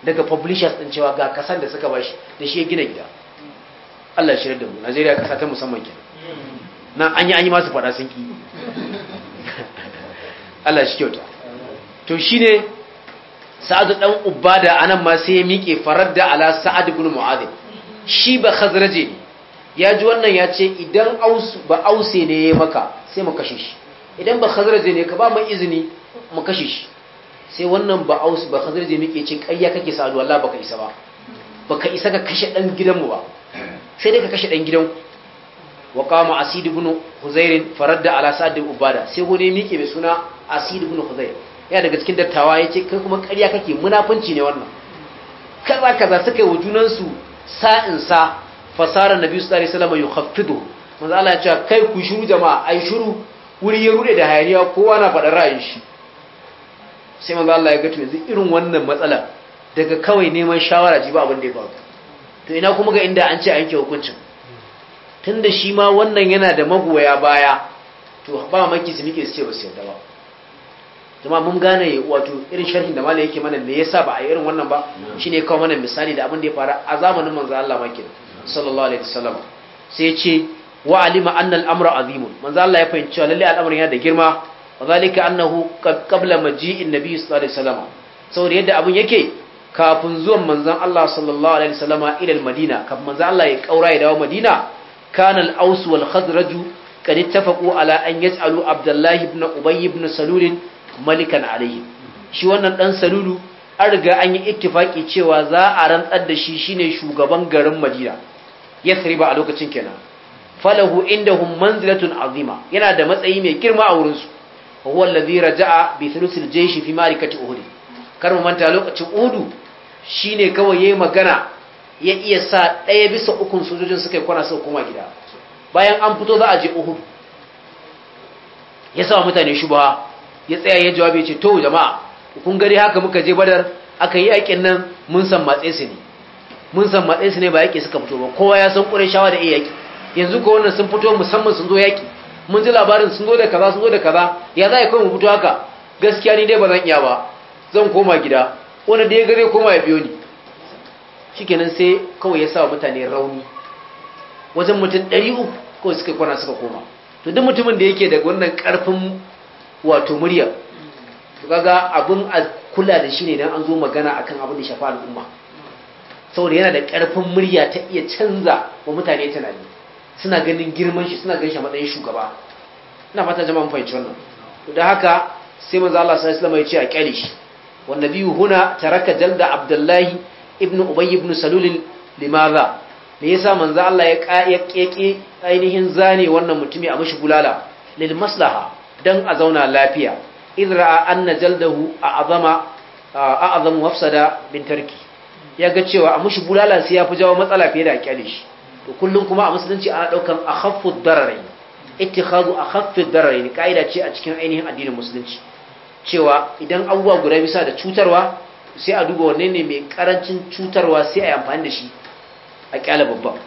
daga publishers din cewa ga kasan da suka bashi da shi ya gina gida Allah shi da mu Najeriya kasa ta musamman ke na an yi an yi masu fada sun ki Allah shi kyauta to shine Sa'ad dan Ubada anan ma sai ya miƙe faradda ala Sa'ad ibn Mu'adh shi ba khazraje ne ya ji wannan ya ce idan aus ba ause ne ya maka sai mu kashe shi idan ba khazraje ne ka ba mu izini mu kashe shi sai wannan ba aus ba khazir je muke ce ƙarya kake sa Allah baka isa ba baka isa ka kashe dan gidanmu ba sai dai ka kashe dan gidanku wa qama asid ibn huzair faradda ala sa'd ibn ubada sai gode miƙe mai suna asid ibn huzair ya daga cikin dattawa yace kai kuma ƙarya kake munafunci ne wannan kaza kaza suka yi wa su sa'in sa fasara nabi sallallahu alaihi wasallam yukhaffidu manzo Allah ya ce kai ku shiru jama'a ai shiru wuri ya rude da hayaniya kowa na faɗa ra'ayin shi sai manzo Allah ya ga to yanzu irin wannan matsala daga kawai neman shawara ji ba abin da ya faru to ina kuma ga inda an ce an ke hukuncin tunda shi ma wannan yana da magoya baya to ba maki su nike su ce ba su yarda ba kuma mun gane wato irin sharhin da malai yake mana me yasa ba a irin wannan ba shine kawo mana misali da abin da ya faru a zamanin manzo Allah maki sallallahu alaihi wasallam sai ya ce wa alima anna al-amra azimun manzo Allah ya fahimci lalle al'amarin yana da girma Mazalika annahu qabla maji'in nabiy sallallahu alaihi wasallam saboda yadda abun yake kafin zuwan manzon Allah sallallahu alaihi wasallama ila madina kafin manzon Allah ya kaura ya dawo madina kanal al-aus wal khazraj qad ittafaqu ala an yaj'alu abdullahi ibn ubay ibn salul malikan alaihi shi wannan dan salulu an riga an yi ittifaki cewa za a rantsar da shi shine shugaban garin madina yasriba a lokacin kenan falahu indahum manzilatun azima yana da matsayi mai girma a wurinsu huwa allazi raja'a bi thulusil jayshi fi ma'rikati uhud kar mu manta lokacin uhud shine kawai yayi magana ya iya sa ɗaya bisa uku sojojin suka yi kwana su koma gida bayan an fito za a je uhud ya sa mutane shubha ya tsaya ya jawabi ya ce to jama'a kun gari haka muka je badar aka yi yakin nan mun san matse su ne mun san matse su ne ba yaki suka fito ba kowa ya san kurai shawa da yake yanzu ko wannan sun fito musamman sun zo yaki mun ji labarin sun zo da kaza sun zo da kaza ya za a kai mu fito haka gaskiya ni dai ba zan iya ba zan koma gida wani da ya gare koma ya biyo ni shikenan sai kawai ya sa mutane rauni wajen mutum 300 kawai suka kwana suka koma to duk mutumin da yake da wannan karfin wato murya kaga abin a kula da shi ne dan an zo magana akan abin da shafa al'umma saboda yana da karfin murya ta iya canza wa mutane tunani suna ganin girman shi suna ganin shi matsayin shugaba ina fata jama'an fahimci wannan to da haka sai manzo Allah sallallahu alaihi wasallam ya ce a kyale shi wa nabiyu huna taraka jalda abdullahi ibn ubay ibn salul Limaza? me yasa manzo Allah ya ya keke ainihin zane wannan mutumi a mashi bulala lil maslaha dan a zauna lafiya idra anna jaldahu a azama a azamu mafsada bin tarki ya ga cewa a mushi bulala sai ya fi jawo matsala fiye da kyale shi to kullum kuma a musulunci ana daukan akhaffu darari ittikhadu akhaffu darari kaida ce a cikin ainihin addinin musulunci cewa idan abubuwa guda bisa da cutarwa sai a duba wanne ne mai karancin cutarwa sai a yi amfani da shi a kyala babban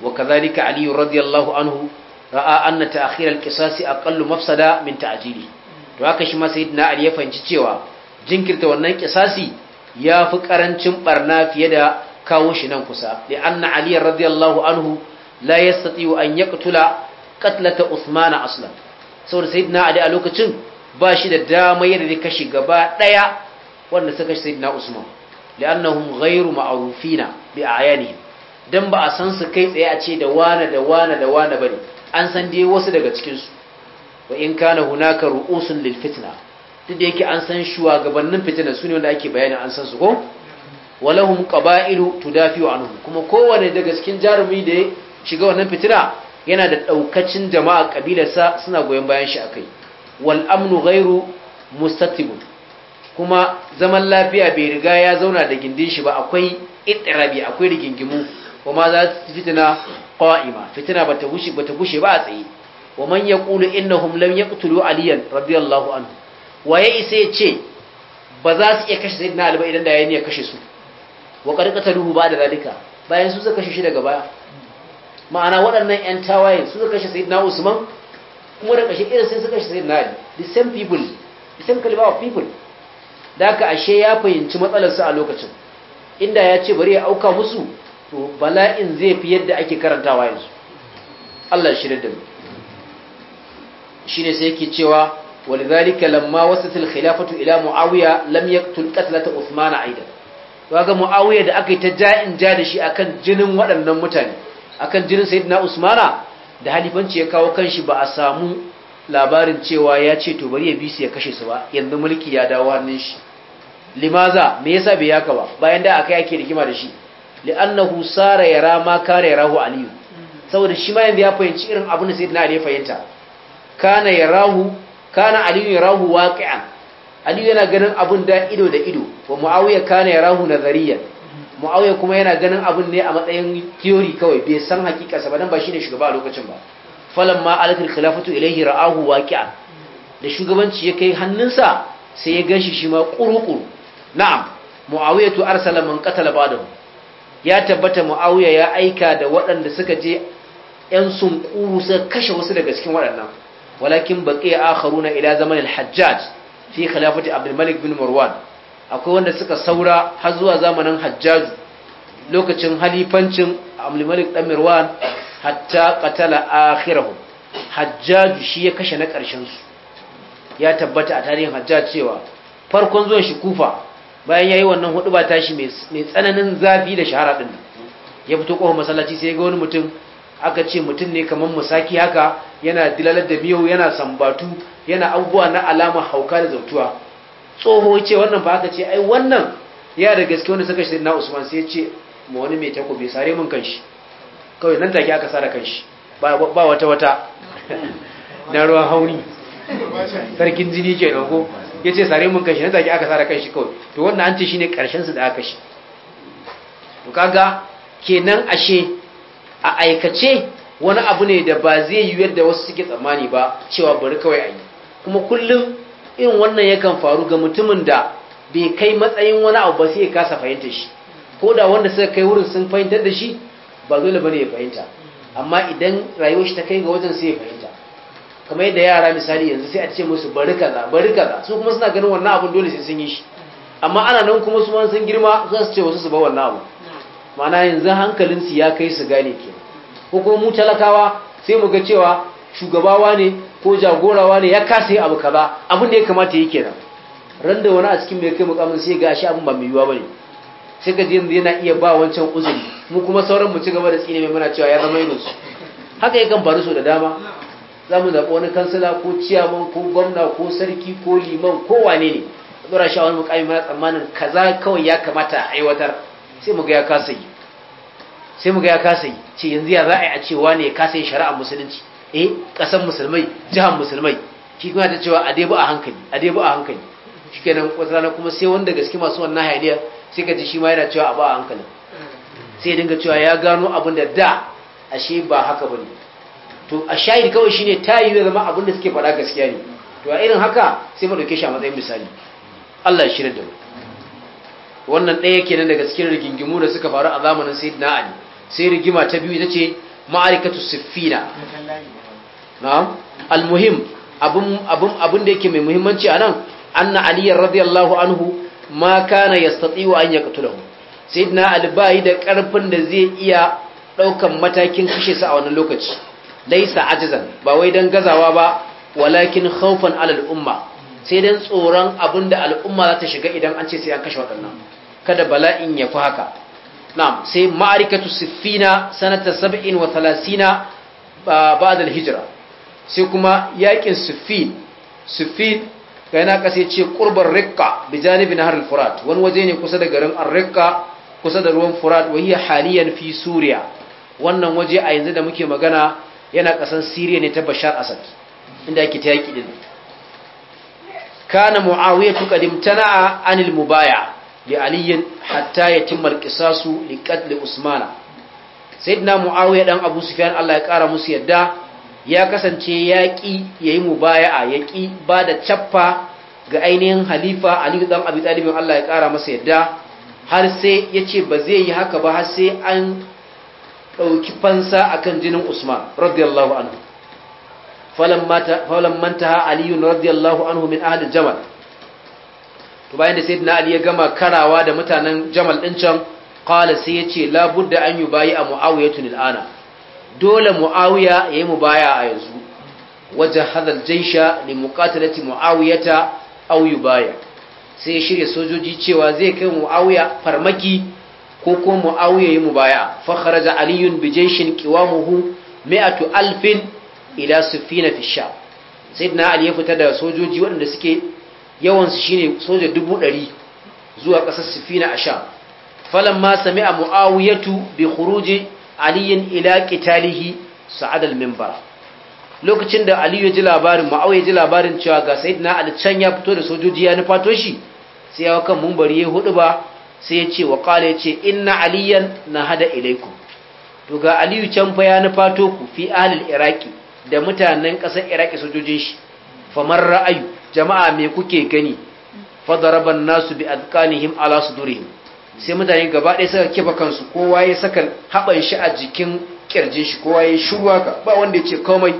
wa kazalika ali radiyallahu anhu ra'a anna ta'khir al-qisas aqallu mafsada min ta'jili to haka shi ma sayyidina ali ya fahimci cewa jinkirta wannan ƙisasi ya fi karancin barna fiye da kawo shi nan kusa da anna ali radiyallahu anhu la yastati an yaqtula qatlata usman aslan saboda sayyidina ali a lokacin ba shi da dama yadda zai kashi gaba daya wanda suka shi sayyidina usman li'annahum ghayru ma'rufina bi ayani dan ba a san su kai tsaye a ce da wane da wane da wane bane an san dai wasu daga cikin su wa in kana hunaka ru'usun lil fitna duk da yake an san shugabannin fitina sune ne wanda ake bayanin an san su ko walahum qaba'ilu tudafi'u anhu kuma kowane daga cikin jarumi da ya shiga wannan fitira yana da daukacin jama'a kabilarsa suna goyen bayan shi akai wal amnu ghairu mustatib kuma zaman lafiya bai riga ya zauna da gindin shi ba akwai itirabi akwai rigingimu kuma za ta fitina qa'ima fitina bata gushe bata gushe ba a tsaye wa man yaqulu innahum lam yaqtulu aliyan radiyallahu anhu waye sai ya ce ba za su iya kashe sayyidina ali ba idan da yayin ya kashe su wa karkata ruhu ba da zalika bayan su suka shi daga baya ma'ana waɗannan 'yan tawaye su suka shi sayyidina usman kuma da kashe irin sai suka shi sayyidina ali the same people the same caliber of people da haka ashe ya fahimci matsalarsu a lokacin inda ya ce bari ya auka musu to bala'in zai fi yadda ake karantawa yanzu Allah shi da mu Shi ne sai yake cewa walidhalika lamma wasatil khilafatu ila muawiya lam yaqtul qatlata usman aidan ga muawiya da aka yi ta ja'in ja da shi akan jinin waɗannan mutane akan jinin sayyidina usmana da halifanci ya kawo kanshi ba a samu labarin cewa ya ce to bari ya bi su ya kashe su ba yanzu mulki ya dawo hannun shi limaza me yasa bai yaka ba bayan da aka yake rigima da shi li'annahu sara yara ma kare yarahu aliyu saboda shi ma yanzu ya fahimci irin abin da sayyidina ali ya fahimta kana yarahu kana aliyu yarahu waqi'an aliyu yana ganin abun da ido da ido wa muawiya kana rahu nazariyan muawiya kuma yana ganin abun ne a matsayin theory kawai bai san hakika sa ba dan ba shine shugaba a lokacin ba falamma alatil khilafatu ilayhi ra'ahu waqi'a da shugabanci ya kai hannunsa sai ya ganshi shi ma kurukuru na'am muawiya tu arsala man qatala ba'dahu ya tabbata muawiya ya aika da waɗanda suka je yan sun suka kashe wasu daga cikin waɗannan walakin baqiya akharuna ila zaman al-hajjaj fi khilafati abdul malik bin marwan akwai wanda suka saura har zuwa zamanin hajjaj lokacin halifancin abdul malik dan marwan hatta qatala akhirahu hajjaj shi ya kashe na karshen su ya tabbata a tarihin hajjaj cewa farkon zuwan shi kufa bayan yayi wannan hudu ba tashi mai tsananin zafi da shahara din ya fito kofar masallaci sai ga wani mutum aka ce mutum ne kamar musaki haka yana dilalar da miyau yana sambatu yana abubuwa na alama hauka da zautuwa tsoho ce wannan ba haka ce ai wannan ya da gaske wanda suka shi na usman sai ce ma wani mai takobi sare mun kanshi kawai nan take aka sare kanshi ba wata wata na ruwan hauni sarkin jini ke dogo ya ce sare mun kanshi nan take aka sare kanshi kawai to wannan an ce shi ne su da aka shi to kaga kenan ashe a aikace wani abu ne da ba zai yi yadda wasu suke tsammani ba cewa bari kawai a yi kuma kullum in wannan yakan faru ga mutumin da bai kai matsayin wani abu ba sai ya kasa fahimta shi ko da wanda suka kai wurin sun fahimtar da shi ba dole bane ya fahimta amma idan rayuwar shi ta kai ga wajen sai ya fahimta kamar yadda yara misali yanzu sai a ce musu bari kaza bari kaza su kuma suna ganin wannan abun dole sai sun yi shi amma ana nan kuma su man sun girma za su ce wasu su ba wannan abu ma'ana yanzu hankalinsu ya kai su gane ke ko kuma mu talakawa sai mu ga cewa shugabawa ne ko jagorawa ne ya kasa yi abu kaza abin da ya kamata yake nan. ran da wani a cikin mai kai mukamin sai ga shi abin ba mai yuwa bane sai ka yanzu yana iya ba wancan uzuri mu kuma sauran mu ci gaba da tsine mai muna cewa ya zama Yunus. haka yakan faru so da dama za mu zaɓi wani kansila ko ciyaman ko gwamna ko sarki ko liman ko wane ne ɗora shi a wani mukami mana tsammanin kaza kawai ya kamata a aiwatar sai mu ga ya kasa yi sai mu ga ya kasa yi ce yanzu ya za a yi a cewa ne ya kasa yi shari'a musulunci eh kasan musulmai jihar musulmai ki kuma ta cewa adebu a hankali adebu a hankali shikenan wata rana kuma sai wanda gaske masu wannan hayaniya sai ka ji shi ma yana cewa abu a hankali sai dinga cewa ya gano abin da da ashe ba haka bane to a shahid kawai shine tayi ya zama abin da suke faɗa gaskiya ne to a irin haka sai mu dauke shi a matsayin misali Allah ya shirya da mu wannan ɗaya kenan daga cikin rigingimu da suka faru a zamanin Sayyidina Ali sai rigima ta biyu ita ce ma'arikatu siffina na'am almuhim abun abun abun da yake mai muhimmanci anan anna ali radiyallahu anhu ma kana yastati'u an yaqtulahu sayyidina ali bai da karfin da zai iya daukan matakin kashe sa a wannan lokaci laisa ajizan ba wai dan gazawa ba walakin khawfan al umma sai dan tsoron abinda al'umma za ta shiga idan an ce sai an kashe waɗannan kada bala'in ya fi haka na'am sai ma'arikatu siffina sanata 37 ba'da al hijira sai kuma yakin siffin siffin kai na kase ce qurbar riqqa bi janibi furat wani waje ne kusa da garin ar-riqqa kusa da ruwan furat wa hiya haliyan fi suriya wannan waje a yanzu da muke magana yana kasan siriya ne ta bashar asad inda ake ta yaki din kana muawiya tuqadim tana'a anil mubaya li aliyun hatta yatimmal qisasu li qatl usmana sayyidina muawiya dan abu sufyan Allah ya kara musu yadda ya kasance yaki yayi mubaya'a yaƙi ba da chaffa ga ainihin halifa ali dan abi talib Allah ya kara masa yadda har sai yace ba zai yi haka ba har sai an dauki fansa akan jinin usman radiyallahu anhu falamma falamma ta ali radiyallahu anhu min ahli jamal to bayan da na ali ya gama karawa da mutanen jamal din can qala sai yace la budda an yubayi a muawiyatun ana dole muawiya yayi mubaya a yanzu wajen hadal jaysha li muqatalati muawiyata aw yubaya sai ya shirya sojoji cewa zai kai muawiya farmaki ko ko muawiya yayi mubaya fa kharaja aliyun bi jayshin qiwamuhu mi'atu alfin ila sufina fi sha, sayyidina ali ya fita da sojoji waɗanda suke yawansu shine soja dubu ɗari zuwa ƙasar sifina a sha falon ma sami a mu'awiyatu bi khuruji aliyin ila ƙitalihi sa'adal mimbar lokacin da aliyu ya ji labarin ma'awuyar ji labarin cewa ga said na alcan ya fito da sojoji ya nufato shi sai ya kan mumbar ya hudu ba sai ya ce wa ƙala ya ce inna aliyan na hada ilaiku to ga aliyu can fa ya nufa ku fi alil iraki da mutanen ƙasar iraki sojojin shi famar ra'ayu jama'a me kuke gani fadaraban nasu bi azqanihim ala sudurihim sai mutane gaba ɗaya suka kifa kansu kowa ya saka haban shi a jikin kirjin shi kowa ya shuruwa ka ba wanda yace komai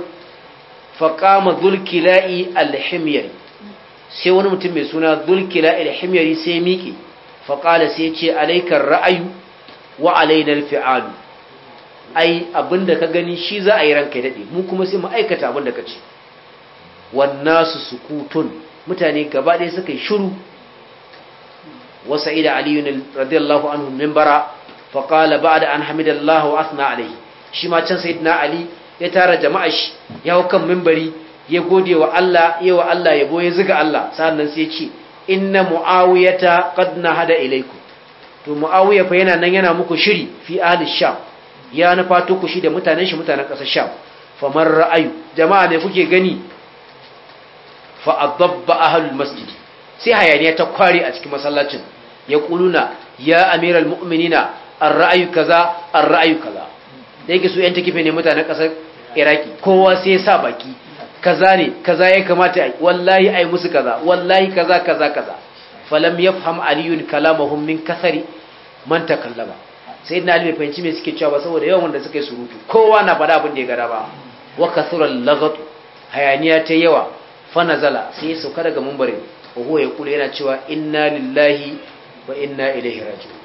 faqama dhulkilai alhimyari sai wani mutum mai suna dhulkilai alhimyari sai miƙe faqala sai yace alaikar ra'ayu wa alayna alfi'al ai abinda ka gani shi za a yi ranka dade mu kuma sai mu aikata abinda ka ce wanna su sukutun mutane gaba ɗaya suka yi shuru wasa ida radiyallahu anhu mimbara faƙala ba da an hamida allahu asna alai shi ma can sayid na ali ya tara jama'a shi ya hau kan mimbari ya gode wa allah ya wa allah ya goye zuga allah sa'annan sai ce inna mu'awiya ta kadna hada ilaiku to mu'awiya fa yana nan yana muku shiri fi ahli sha. ya nufa tukushi ku shi da mutanen shi mutanen ƙasar sham famar ra'ayu jama'a ne kuke gani fa adabba ahlul masjid sai hayaniya ta kware a cikin masallacin ya kuluna ya amiral mu'minina ar ra’ayu kaza ar ra’ayu kaza Da yake su yan kife ne mutanen kasar iraki kowa sai ya sa baki kaza ne kaza ya kamata ai wallahi ai musu kaza wallahi kaza kaza kaza falam yafham aliyun kalamahum min kasari man takallama sai na alibai fahimci me suke cewa saboda yawan wanda suka yi surutu kowa na faɗa abin da ya gada ba wa kasuran lagatu hayaniya ta yawa fa nazala sai sauka daga mumbarin wa ya kure yana cewa inna lillahi wa inna ilaihi raji'un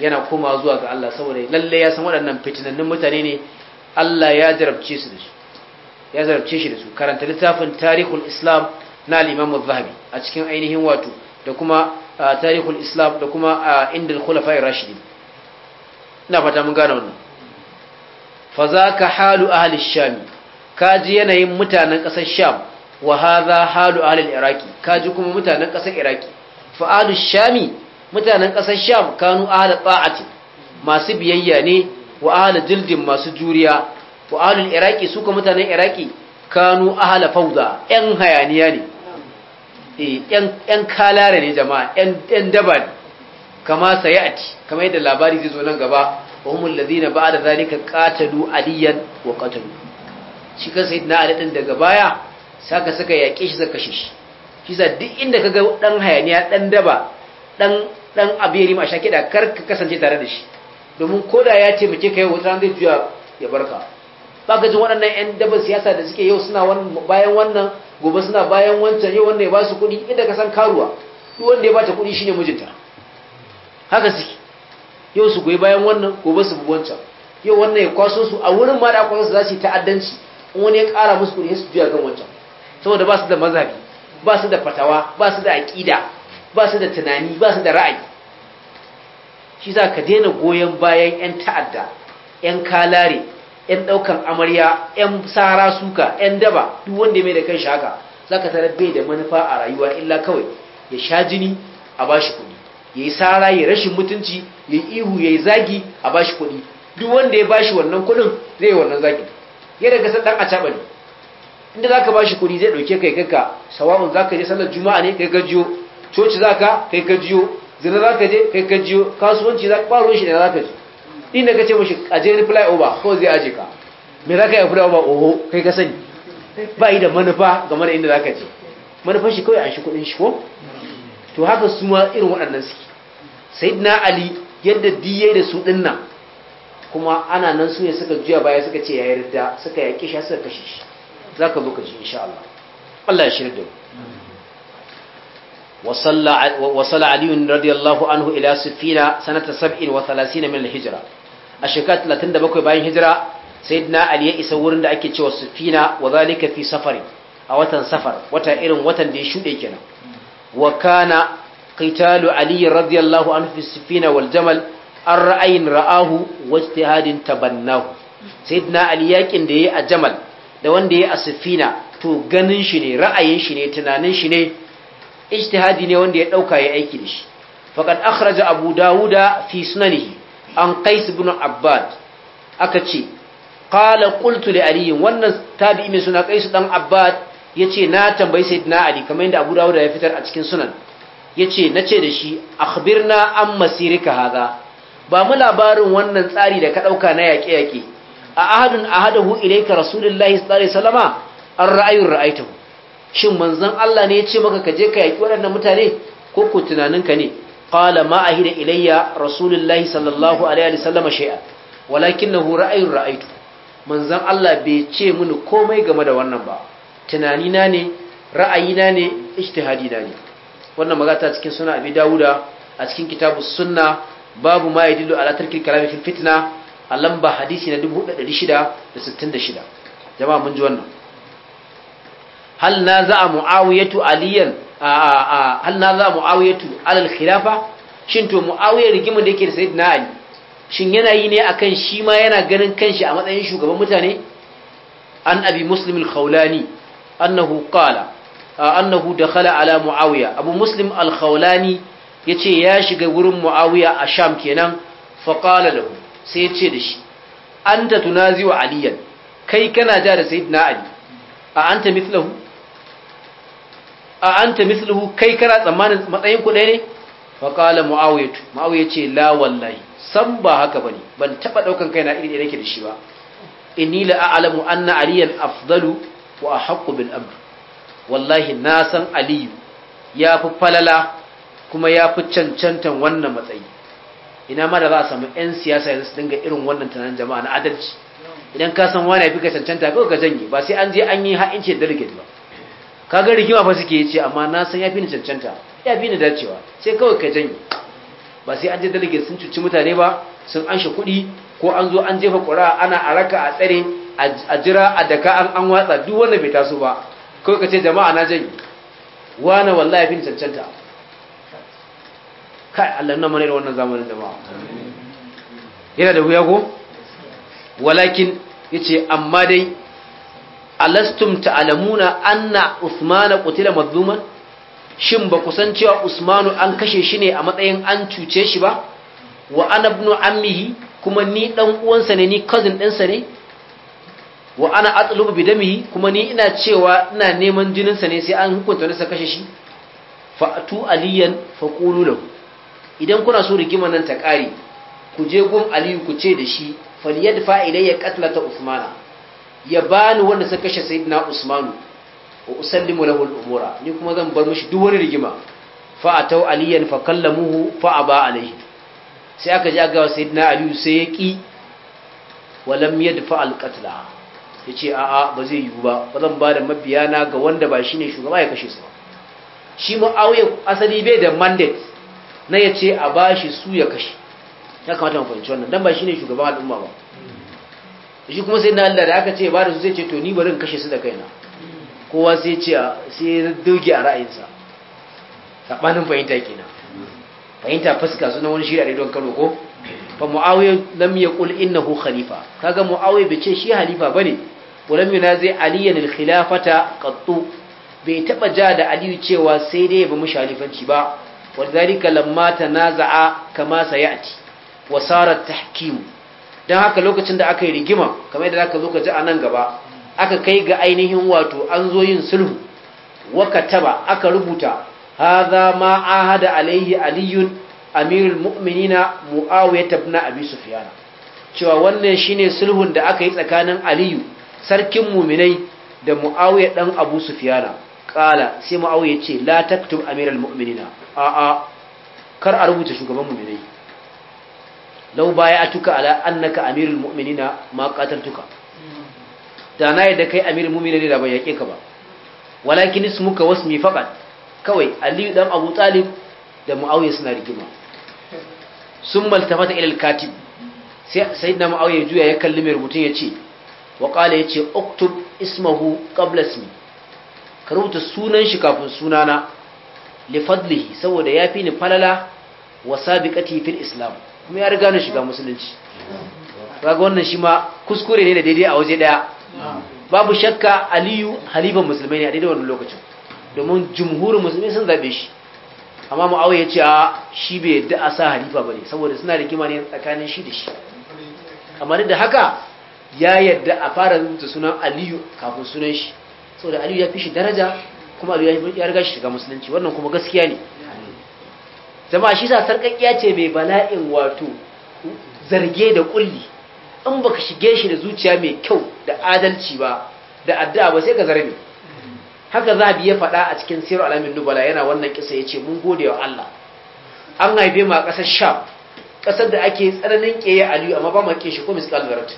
yana koma zuwa ga Allah saboda lalle ya san waɗannan fitinannun mutane ne Allah ya jarabce su da su ya jarabce shi da su karanta littafin tarihul islam na al-imam az-zahabi a cikin ainihin wato da kuma tarihul islam da kuma inda al-khulafa'ir rashidin ina fata mun gane wannan fa zaka halu ahli sham kaji yanayin mutanen ƙasar sham wa hadha halu ahli iraqi kaji kuma mutanen kasar iraki fa'adu shami mutanen kasar sham kanu ahli ta'ati masu biyayya ne wa ahli jildin masu juriya wa ahli iraqi su kuma mutanen iraki kanu ahli fauda yan hayaniya ne eh yan kalare ne jama'a yan daba ne kama sayati kama yadda labari zai zo nan gaba wa humul ladina ba'da zalika qatalu aliyan wa qatalu shi kan sayyidina ali din daga baya saka suka yaƙe shi suka kashe shi shi sa duk inda kaga dan hayaniya dan daba dan dan abiri ma shake da kar ka kasance tare da shi domin ko da ya ce muke kai wata zai juya ya barka ka ji waɗannan 'yan daban siyasa da suke yau suna bayan wannan gobe suna bayan wancan yau wanda ya ba su kuɗi inda ka san karuwa duk wanda ya ba ta kuɗi shi ne mijinta haka suke yau su goyi bayan wannan gobe su bugu wancan yau wannan ya kwaso su a wurin ma da kwaso su za su yi ta'addanci in wani ya ƙara musu kuɗi su juya kan wancan saboda ba su da mazabi ba su da fatawa ba su da aƙida ba su da tunani ba su da ra'ayi shi za ka daina goyon bayan 'yan ta'adda 'yan kalare 'yan ɗaukan amarya 'yan sara suka 'yan daba duk wanda mai da kan shaka. za ka tarar bai da manufa a rayuwa illa kawai ya sha jini a ba shi kuɗi ya yi sara ya rashin mutunci ya ihu ya yi zagi a ba shi kuɗi duk wanda ya ba shi wannan kuɗin zai yi wannan zagi ya daga sa ɗan a caɓa ne inda zaka ba shi kuɗi zai dauke kai kanka sawabin zaka je sallar juma'a ne kai jiyo coci zaka kai jiyo zina zaka je kai jiyo kasuwanci zaka ba shi ne zaka je inda kace mushi aje reply over ko zai aje ka me zaka yi over oho kai ka sani ba yi da manufa game da inda zaka je manufar shi kawai an shi kuɗin shi ko to haka su ma irin waɗannan suke sayyidina ali yadda diye da su dinnan kuma ana nan su ne suka juya baya suka ce yarda suka yaki shi suka kashe shi za ka zo ka ji insha Allah Allah ya shirya da mu wasalla aliyun radiyallahu anhu ila sifina sanata sab'in wa thalathina min al-hijra a shekara 37 bayan hijira sayyidina ali ya isa wurin da ake cewa sifina wa zalika fi safari a watan safar wata irin watan da ya shude kenan wa kana qitalu ali radiyallahu anhu fi sifina wal jamal an ra'ayin ra'ahu wajtihadin tabannahu sayyidina ali yakin da yayi a jamal da wanda ya asifina to ganin shi ne ra'ayin shi ne tunanin shi ne ijtihadi ne wanda ya dauka ya aiki da shi faqad akhraja abu dauda fi sunanihi an qais ibn abbad aka ce qala qultu li ali wannan tabi'i mai suna qais dan abbad yace na tambayi sayyidina ali kamar yadda abu dawuda ya fitar a cikin sunan yace nace da shi akhbirna an masirika haza ba mu labarin wannan tsari da ka dauka na yaƙe-yaƙe a ahadun ahadahu ilayka rasulullahi sallallahu alaihi wasallama an ra'ayun ra'aitahu shin manzon Allah ne ya ce maka ka je ka yaki waɗannan mutane ko ko tunaninka ne qala ma ahida ilayya rasulullahi sallallahu alaihi wasallama shay'a walakinahu ra'ayun ra'aitu manzon Allah bai ce mini komai game da wannan ba tunanina ne ra'ayina ne na ne wannan magata cikin suna abi dawuda a cikin kitabu sunna babu ma yadillu ala tarkil kalami fil fitna a lamba hadisi na 4666 jama'a mun ji wannan hal na za a mu'awiyatu aliyan hal na za a mu'awiyatu alal khilafa shin to mu'awiyar rigimar da yake da sayid na ali shin yana yi ne akan shi ma yana ganin kanshi a matsayin shugaban mutane an abi muslim al-khawlani annahu qala annahu dakhala ala muawiya abu muslim al-khawlani yace ya shiga wurin muawiya a sham kenan fa qala lahu sai ya ce da shi an ta tuna ziwa aliyan kai kana ja da na, ali a an ta mislahu a an ta mislahu kai kana tsammanin matsayin ku ɗaya ne faƙala mu'awiyatu mu'awiya ce la wallahi san ba haka bane ban taɓa ɗaukan kaina iri ɗaya nake da shi ba inni la a'lamu anna aliyan afdalu wa ahaqqu bil amr wallahi na san aliyu ya fi falala kuma ya fi cancantan wannan matsayi ina ma da za a samu 'yan siyasa yanzu dinga irin wannan tunanin jama'a na adalci idan ka san wani fi ka cancanta kawai ka janye ba sai an je an yi ha'inci da rigid ba ka ga rigima ba suke ce amma na san ya fi ni cancanta ya fi ni dacewa sai kawai ka janye ba sai an je rigid sun cuci mutane ba sun anshe kuɗi ko an zo an jefa ƙura ana araka a tsare a jira a daka an an watsa duk wanda bai taso ba kawai ka ce jama'a na janye wani wallahi ya fi ni cancanta kai Allah na mana da wannan zamanin jama'a yana da wuya ko walakin yace amma dai alastum ta'lamuna anna usman qutila mazluman shin ba ku san cewa usmanu an kashe shi ne a matsayin an cuce shi ba wa ana ibn ammihi kuma ni dan uwansa ne ni cousin ɗinsa ne wa ana atlubu bidamihi kuma ni ina cewa ina neman jininsa ne sai an hukunta ne sa kashe shi Fa fa'atu aliyan qulu lahu idan kuna so rigima nan ta ƙare ku je gun aliyu ku ce da shi ya ilayya qatlata usmana ya bani wanda suka kashe sayyidina usmanu wa usallimu lahu al-umura ni kuma zan bar mashi duk wani rigima fa ta aliyan fa kallamuhu fa aba alayhi sai aka ji ga sayyidina aliyu sai ya ki walam yadfa al-qatla yace a a ba zai yiwu ba ba zan ba da mabiyana ga wanda ba shi ne shugaba ya kashe su ba shi muawiya asali bai da mandate na ya ce a bashi su ya kashe ya kamata mu fahimci wannan don ba shi ne shugaban al'umma ba shi kuma sai na Allah da aka ce ba da su zai ce to ni barin kashe su da kaina kowa sai ce sai ya doge a ra'ayinsa sabanin fahimta ke na fahimta fuska sunan wani shirya don karo ko fa muawiya lam yaqul ko khalifa kaga mu'awiyar bai ce shi halifa bane walam zai zai al khilafata qattu bai taɓa ja da aliyu cewa sai dai ya bi halifanci ba wadhalika lamma tanaza'a kama sayati wa sara dan haka lokacin da aka yi rigima kamar yadda zaka zo ka ji a nan gaba aka kai ga ainihin wato an zo yin sulhu wa kataba aka rubuta hadha ma ahada alaihi aliyun amirul mu'minina muawiyah ibn abi sufyan cewa wannan shine sulhun da aka yi tsakanin aliyu sarkin muminai da muawiyah dan abu sufyana qala sai muawiya yace la taktub amiral mu'minina a a kar a rubuta shugaban mu'minai law bayatuka ala annaka amirul mu'minina ma qataltuka da na da kai amirul mu'minina da ban yake ka ba walakin ismuka wasmi faqat kawai aliyu dan abu talib da muawiya suna rigima sun maltafata ilal katib sai sayyidina muawiya juya ya kalli mai rubutun ce wa qala yace uktub ismahu qabla ismi ka rubuta sunan shi kafin sunana li fadlihi saboda ya fi ni falala wa sabiqati fil islam kuma ya riga ni shiga musulunci kaga wannan shi ma kuskure ne da daidai a waje daya babu shakka aliyu halifan musulmai ne a daidai wannan lokacin domin jumhurin Musulmai sun zabe shi amma mu'awiya ya ce a shi bai yadda a sa halifa bane saboda suna rigima ne tsakanin shi da shi kamar da haka ya yadda a fara rubuta sunan aliyu kafin sunan shi saboda aliyu ya fi shi daraja kuma aliyu ya riga shi shiga musulunci wannan kuma gaskiya ne zama shi sa sarƙaƙiya ce mai bala'in wato zarge da ƙulli in ka shige shi da zuciya mai kyau da adalci ba da addu'a ba sai ka zarge haka za ya faɗa a cikin sirar alamin nubala yana wannan kisa ya ce mun gode wa Allah an haife ma ƙasar sham ƙasar da ake tsananin ƙeye aliyu amma ba ma ke shi ko miskal zarat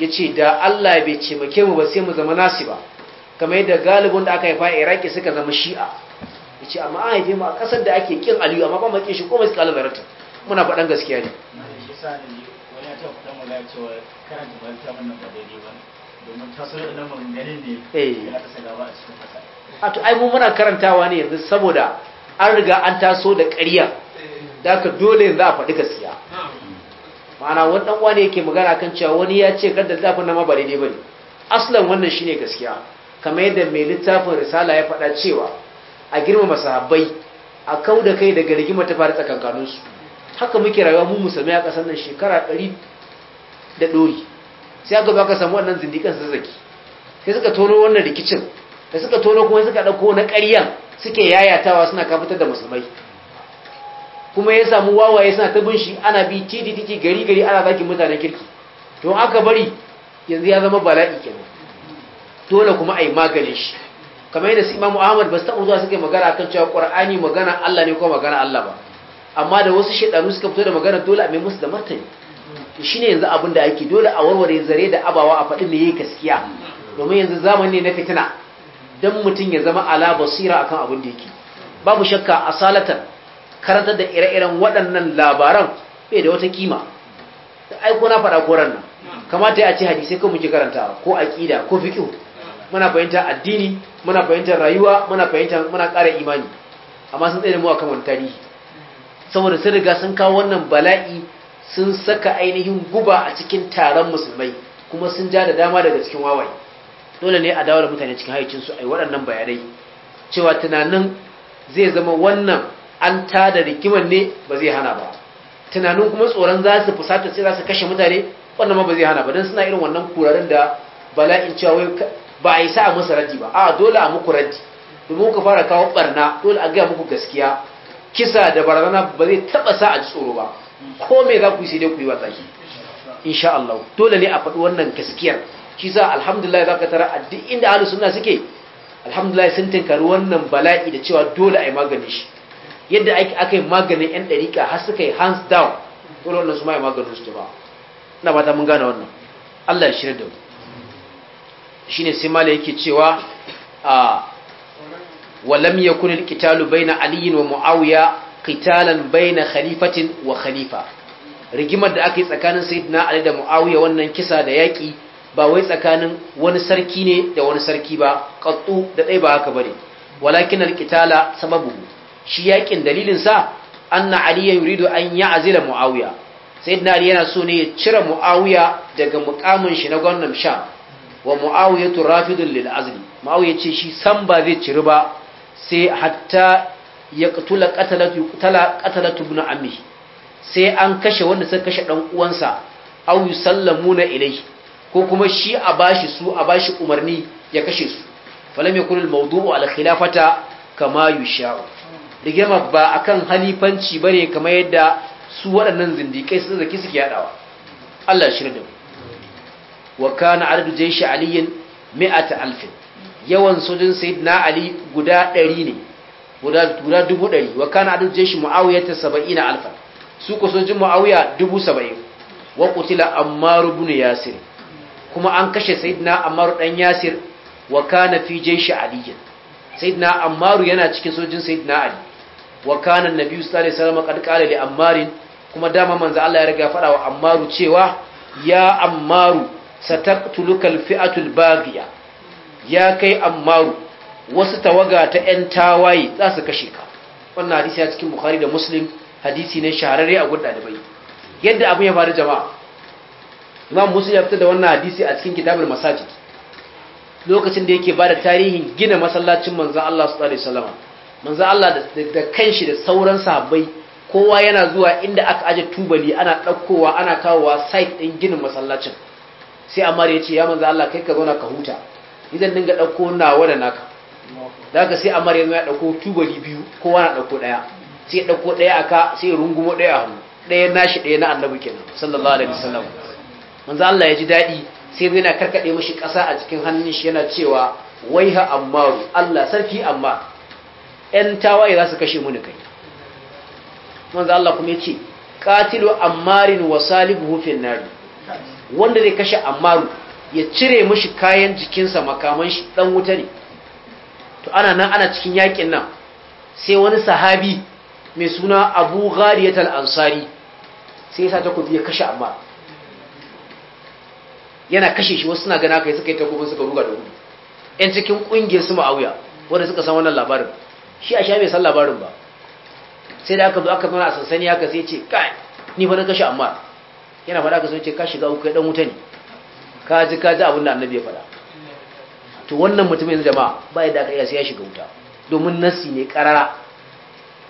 ya ce da Allah bai cemake mu ba sai mu zama nasi ba kamar yadda galibin da aka haifa a iraki suka zama shi'a ya ce amma an haife mu a ƙasar da ake ƙin aliyu amma ba mu ƙin shi ko masu kalin zarata muna faɗan gaskiya ne a to ai mu muna karantawa ne yanzu saboda an riga an taso da ƙarya eh. da aka dole yanzu a faɗi gaskiya ma'ana wani dan wani yake magana kan cewa wani ya ce da littafin na ma ba daidai bane aslan wannan shine gaskiya kamar yadda mai littafin risala ya faɗa cewa a girmama sahabbai a kau da kai daga rigima ta fara tsakankanin su haka muke rayuwa mu musulmai a ƙasar nan shekara 100 da dori sai aka baka samu wannan zindikan su zaki sai suka tono wannan rikicin da suka tono kuma suka ɗauko na ƙaryan suke yayatawa suna kafitar da musulmai kuma ya samu wawaye suna ta bin shi ana bi titi titi gari gari ana zaki mutanen kirki to aka bari yanzu ya zama bala'i kenan dole kuma a yi maganin shi kamar yadda su imamu ahmad ba su taɓa zuwa suka yi magana akan cewa ƙwar'ani magana allah ne ko magana allah ba amma da wasu shaɗanu suka fito da magana dole a mai musu da martani shine yanzu abin da ake dole a warware zare da abawa a faɗin da yayi gaskiya domin yanzu zamani ne na fitina dan mutum ya zama ala basira akan abin da yake babu shakka a asalatan Karantar da ire-iren waɗannan labaran bai da wata kima da aiko na faɗa koran nan kamata ya ce hadisai ko muke karanta ko aƙida ko fiƙi muna fahimtar addini muna fahimtar rayuwa muna fahimtar muna ƙara imani amma sun tsaye da mu kamar tarihi saboda sun riga sun kawo wannan bala'i sun saka ainihin guba a cikin taron musulmai kuma sun ja da dama daga cikin wawaye dole ne a dawo da mutane cikin haicinsu a yi waɗannan bayanai cewa tunanin zai zama wannan an da rikiman ne ba zai hana ba tunanin kuma tsoron za su fusata sai za su kashe mutane wannan ma ba zai hana ba don suna irin wannan kurarin da bala'in cewa wai ba a yi sa a musu raddi ba a dole a muku raddi domin ku fara kawo barna dole a gaya muku gaskiya kisa da barazana ba zai taba sa a ji tsoro ba ko me za ku yi sai dai ku yi watsaki insha Allah dole ne a faɗi wannan gaskiyar shi sa alhamdulillah za ka tara a duk inda ahlus sunna suke alhamdulillah sun tinkari wannan bala'i da cewa dole a yi magani shi yadda aka yi maganin 'yan ɗarika har suka yi hands down ko wannan su ma maganin su ba ina ba ta mun gane wannan allah ya shirya da mu shi ne sai mala yake cewa a walam ya kuni kitalu bai na aliyin wa mu'awiya kitalan bai na khalifatin wa khalifa rigimar da aka yi tsakanin saidina ali da mu'awiya wannan kisa da yaƙi ba wai tsakanin wani sarki ne da wani sarki ba ƙattu da ɗai ba haka ba ne walakin alƙitala sababu shi yakin dalilin sa anna ali ya yuridu an ya'zila muawiya sayyidina ali yana so ne ya cire muawiya daga mukamin shi na gwamnan sha wa muawiyatu rafidun lil azli muawiya ce shi san ba zai ciri ba sai hatta ya qatalatu qatala qatalatu ibn ammi sai an kashe wanda sai kashe dan uwansa aw yusallamuna ilayhi ko kuma shi a bashi su a bashi umarni ya kashe su falam yakun mawdu'u al khilafata kama yusha'u rigimar ba akan halifanci bane kamar yadda su waɗannan zindikai sun zaki suke yadawa Allah shirda wa kana adadu jayshi aliyin 100000 alfin yawan sojin sayyidina ali guda 100 ne guda guda 100 wa kana adadu jayshi muawiya ta alfan su ko sojin muawiya 70000 wa qutila ammar ibn yasir kuma an kashe sayyidina ammar dan yasir wa kana fi jayshi aliyin sayyidina ammaru yana cikin sojin sayyidina ali wa kana annabi sallallahu alaihi wasallam qad kuma dama manzo Allah ya riga fada wa ammaru cewa ya ammaru sataqtuluka alfi'atul baghiya ya kai ammaru wasu tawaga ta yan tawaye za su kashe ka wannan hadisi a cikin bukhari da muslim hadisi ne shahararre a gudda da bai yadda abin ya faru jama'a imam muslim ya fitar da wannan hadisi a cikin kitabul masajid lokacin da yake bada tarihin gina masallacin manzo Allah sallallahu alaihi wasallam manzo Allah da kanshi da sauran sahabbai kowa yana zuwa inda aka aje tubali ana ɗaukowa ana kawowa site ɗin ginin masallacin sai amma ya ce ya manzo Allah kai ka zauna ka huta idan dinga ɗauko nawa da naka da haka sai amma ya zo ɗauko tubali biyu kowa na ɗauko ɗaya sai ya ɗauko ɗaya aka sai rungumo ɗaya hannu ɗaya nashi ɗaya na annabi kenan sallallahu alaihi wasallam manzo Allah ya ji daɗi sai yana karkade mishi ƙasa a cikin hannun shi yana cewa waiha ammaru Allah sarki amma 'yan tawaye za su kashe mu da kai manzo Allah kuma ce, katilu ammarin wa salibuhu fil wanda zai kashe ammaru ya cire mashi kayan jikinsa makaman shi ɗan wuta ne to ana nan ana cikin yakin nan sai wani sahabi mai suna Abu Ghariyat ansari sai ya sa takobi ya kashe ammaru yana kashe shi wasu suna gana kai suka yi takobin suka ruga da wuri yan cikin ƙungiyar su ma'auya wanda suka san wannan labarin shi a sha bai san labarin ba sai da aka zo aka zama a sansani aka sai ce kai ni fa na kashe amma yana faɗa ka sai ce ka shiga uku kai dan wuta ne ka ji ka ji abin da annabi ya faɗa to wannan mutumin yanzu jama'a ba ya daga aka sai ya shiga wuta domin nasi ne karara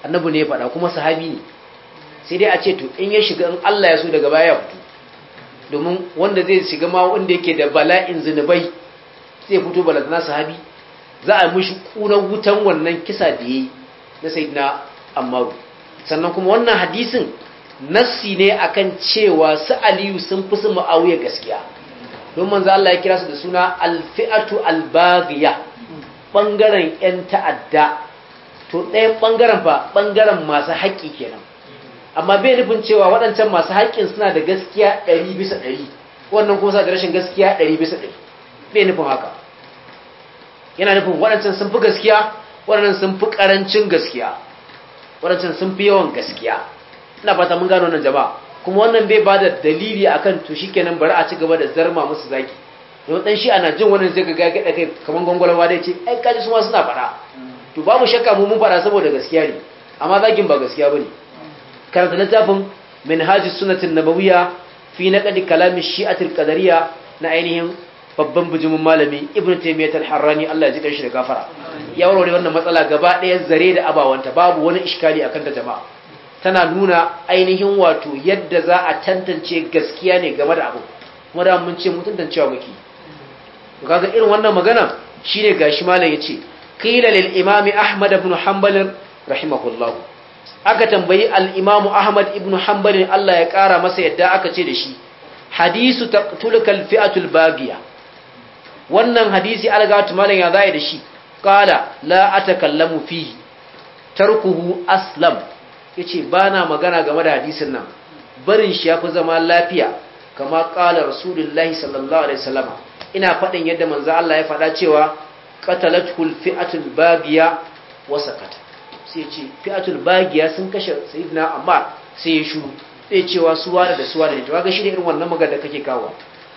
annabi ne ya faɗa kuma sahabi ne sai dai a ce to in ya shiga in Allah ya so daga baya ya fito domin wanda zai shiga ma wanda yake da bala'in zinubai zai fito balantana sahabi za a mishi kunan wutan wannan kisa da ya yi na saidina ammaru sannan kuma wannan hadisin nassi ne akan cewa su aliyu sun fi su ma'auya gaskiya don manza Allah ya kira su da suna alfi'atu albaghiya bangaren yan ta'adda to ɗayan bangaren fa bangaren masu haƙƙi kenan amma bai nufin cewa waɗancan masu haƙƙin suna da gaskiya 100 bisa 100 wannan kuma sa da rashin gaskiya 100 bisa 100 bai nufin haka yana nufin waɗancan sun fi gaskiya waɗannan sun fi ƙarancin gaskiya waɗancan sun fi yawan gaskiya ina fata mun gano nan jama'a kuma wannan bai ba da dalili akan to shikenan bari a ci gaba da zarma musu zaki don dan shi ana jin wannan zai ga kai da kai kaman wa dai ce ai kaji su ma suna faɗa mm. to babu shakka mu mun faɗa saboda gaskiya ne amma zagin ba gaskiya ba bane mm. karanta littafin minhajus sunnatin nabawiyya fi naqdi kalami shi'atul qadariyya na ainihin babban bijimin malami ibn taymiyyah al-harrani Allah ya ji shi da gafara ya warware wannan matsala gaba ɗaya zare da abawanta babu wani iskali akan ta jama'a tana nuna ainihin wato yadda za a tantance gaskiya ne game da abu kuma da mun ce mu tantancewa muke to kaga irin wannan magana shine gashi malam yace qila lil imam ahmad ibn hanbal rahimahullah aka tambayi al imam ahmad ibn hanbal Allah ya kara masa yadda aka ce da shi hadisu tulkal fi'atul bagiyah wannan hadisi algatu malam ya zai da shi qala la atakallamu fihi tarkuhu aslam yace bana magana game da hadisin nan barin shi yafi zama lafiya kama qala rasulullahi sallallahu alaihi wasallam ina fadin yadda manzo Allah ya fada cewa qatalatul fi'atul bagiya wa sakata sai yace fi'atul bagiya sun kashe sayyidina amma sai ya shuru sai cewa suwa da suwa da ita ga shi ne irin wannan magana da kake kawo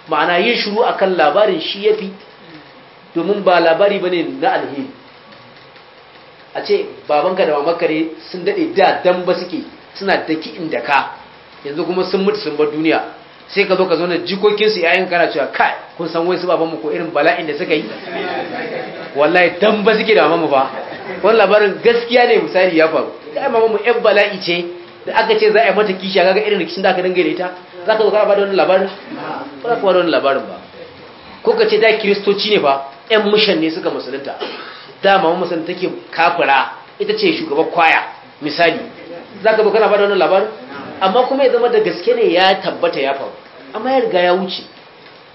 ma'ana yin a kan labarin shi ya fi domin ba labari ba ne na alheri a ce babanka da mamanka ne sun daɗe da dan ba suke suna daki inda ka yanzu kuma sun mutu sun bar duniya sai ka zo ka zauna jikokinsu yayin kana cewa kai kun san wai su babanmu ko irin bala'in da suka yi wallahi dan ba suke da mamanmu ba wani labarin gaskiya ne misali ya faru da mamanmu yan bala'i ce da aka ce za a yi mata kishiya kaga irin rikicin da aka dangane ita za ka ka ba da wani labarin ba za ka ba labarin ba ko ka ce da kiristoci ne ba yan mishan ne suka musulunta dama mu musulunta take kafira ita ce shugaban kwaya misali za ka kana ba da wani labarin amma kuma ya zama da gaske ne ya tabbata ya faru amma ya riga ya wuce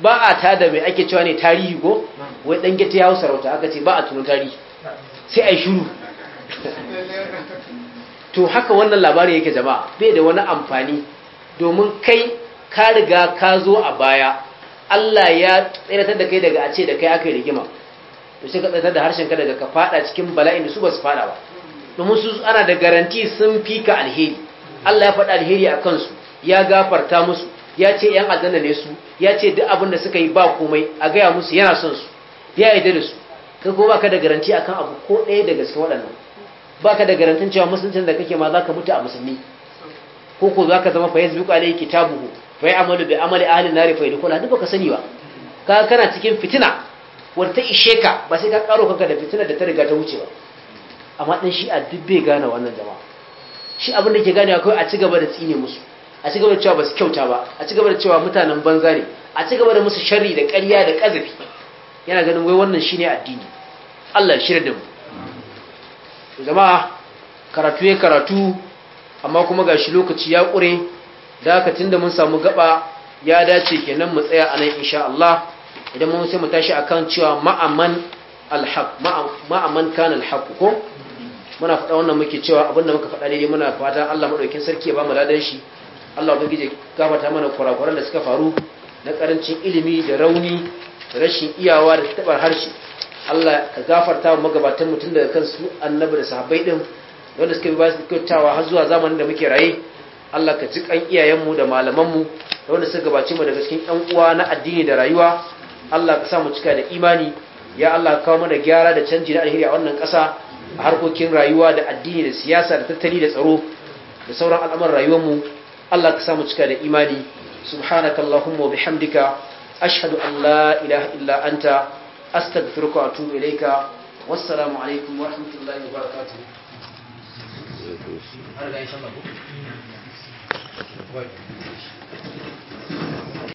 ba a ta da mai ake cewa ne tarihi ko wai dan gita ya hau sarauta aka ce ba a tuno tarihi sai a shuru to haka wannan labarin yake jama'a bai da wani amfani domin kai ka riga ka zo a baya Allah ya tsiratar da kai daga a ce da kai aka yi rigima to sai ka tsiratar da harshen ka daga ka fada cikin bala'in da su ba su fada ba domin su ana da garanti sun fi ka alheri Allah ya faɗa alheri a kansu ya gafarta musu ya ce yan azana ne su ya ce duk abin da suka yi ba komai a gaya musu yana son su ya yarda da su ka ko baka da garanti akan abu ko ɗaya daga cikin waɗannan baka da garantin cewa musuluncin da kake ma za ka mutu a musulmi ko ko ka zama fa yasbiqu alayhi kitabuhu fa amalu bi amali ahli nari nar fa yadkhula duk baka sani ba ka kana cikin fitina wanda ta ishe ka ba sai ka karo kanka da fitina da ta riga ta wuce ba amma dan shi a dubbe gane wannan jama'a shi abin da ke gane akwai a cigaba da tsine musu a cigaba da cewa ba su kyauta ba a cigaba da cewa mutanen banza ne a cigaba da musu sharri da ƙarya da ƙazafi yana ganin wai wannan shine addini Allah shirya da mu jama'a karatu ya karatu amma kuma ga shi lokaci ya ƙure da tun da mun samu gaba ya dace kenan mu tsaya a nan insha Allah idan mun sai mu tashi kan cewa ma'aman alhaq ma'aman alhaq ko muna faɗa wannan muke cewa abinda muka faɗa daidai muna fata Allah madaukin sarki ya ba mu ladan shi Allah gije gafarta mana kurakuran da suka faru na karancin ilimi da rauni rashin iyawa da tabar harshe Allah ka gafarta wa magabatan mutum daga kansu annabi da sahabbai din wanda suka bi su kyautawa har zuwa zamanin da muke raye Allah ka ji kan iyayenmu da malamanmu da wanda suka gabace mu daga cikin yan uwa na addini da rayuwa Allah ka sa mu cika da imani ya Allah ka kawo mana gyara da canji na alheri a wannan ƙasa a harkokin rayuwa da addini da siyasa da tattali da tsaro da sauran al'amuran rayuwarmu Allah ka sa mu cika da imani subhanakallahumma wa bihamdika ashhadu an la ilaha illa anta astaghfiruka wa atubu ilayka wassalamu alaikum wa rahmatullahi wa Har du en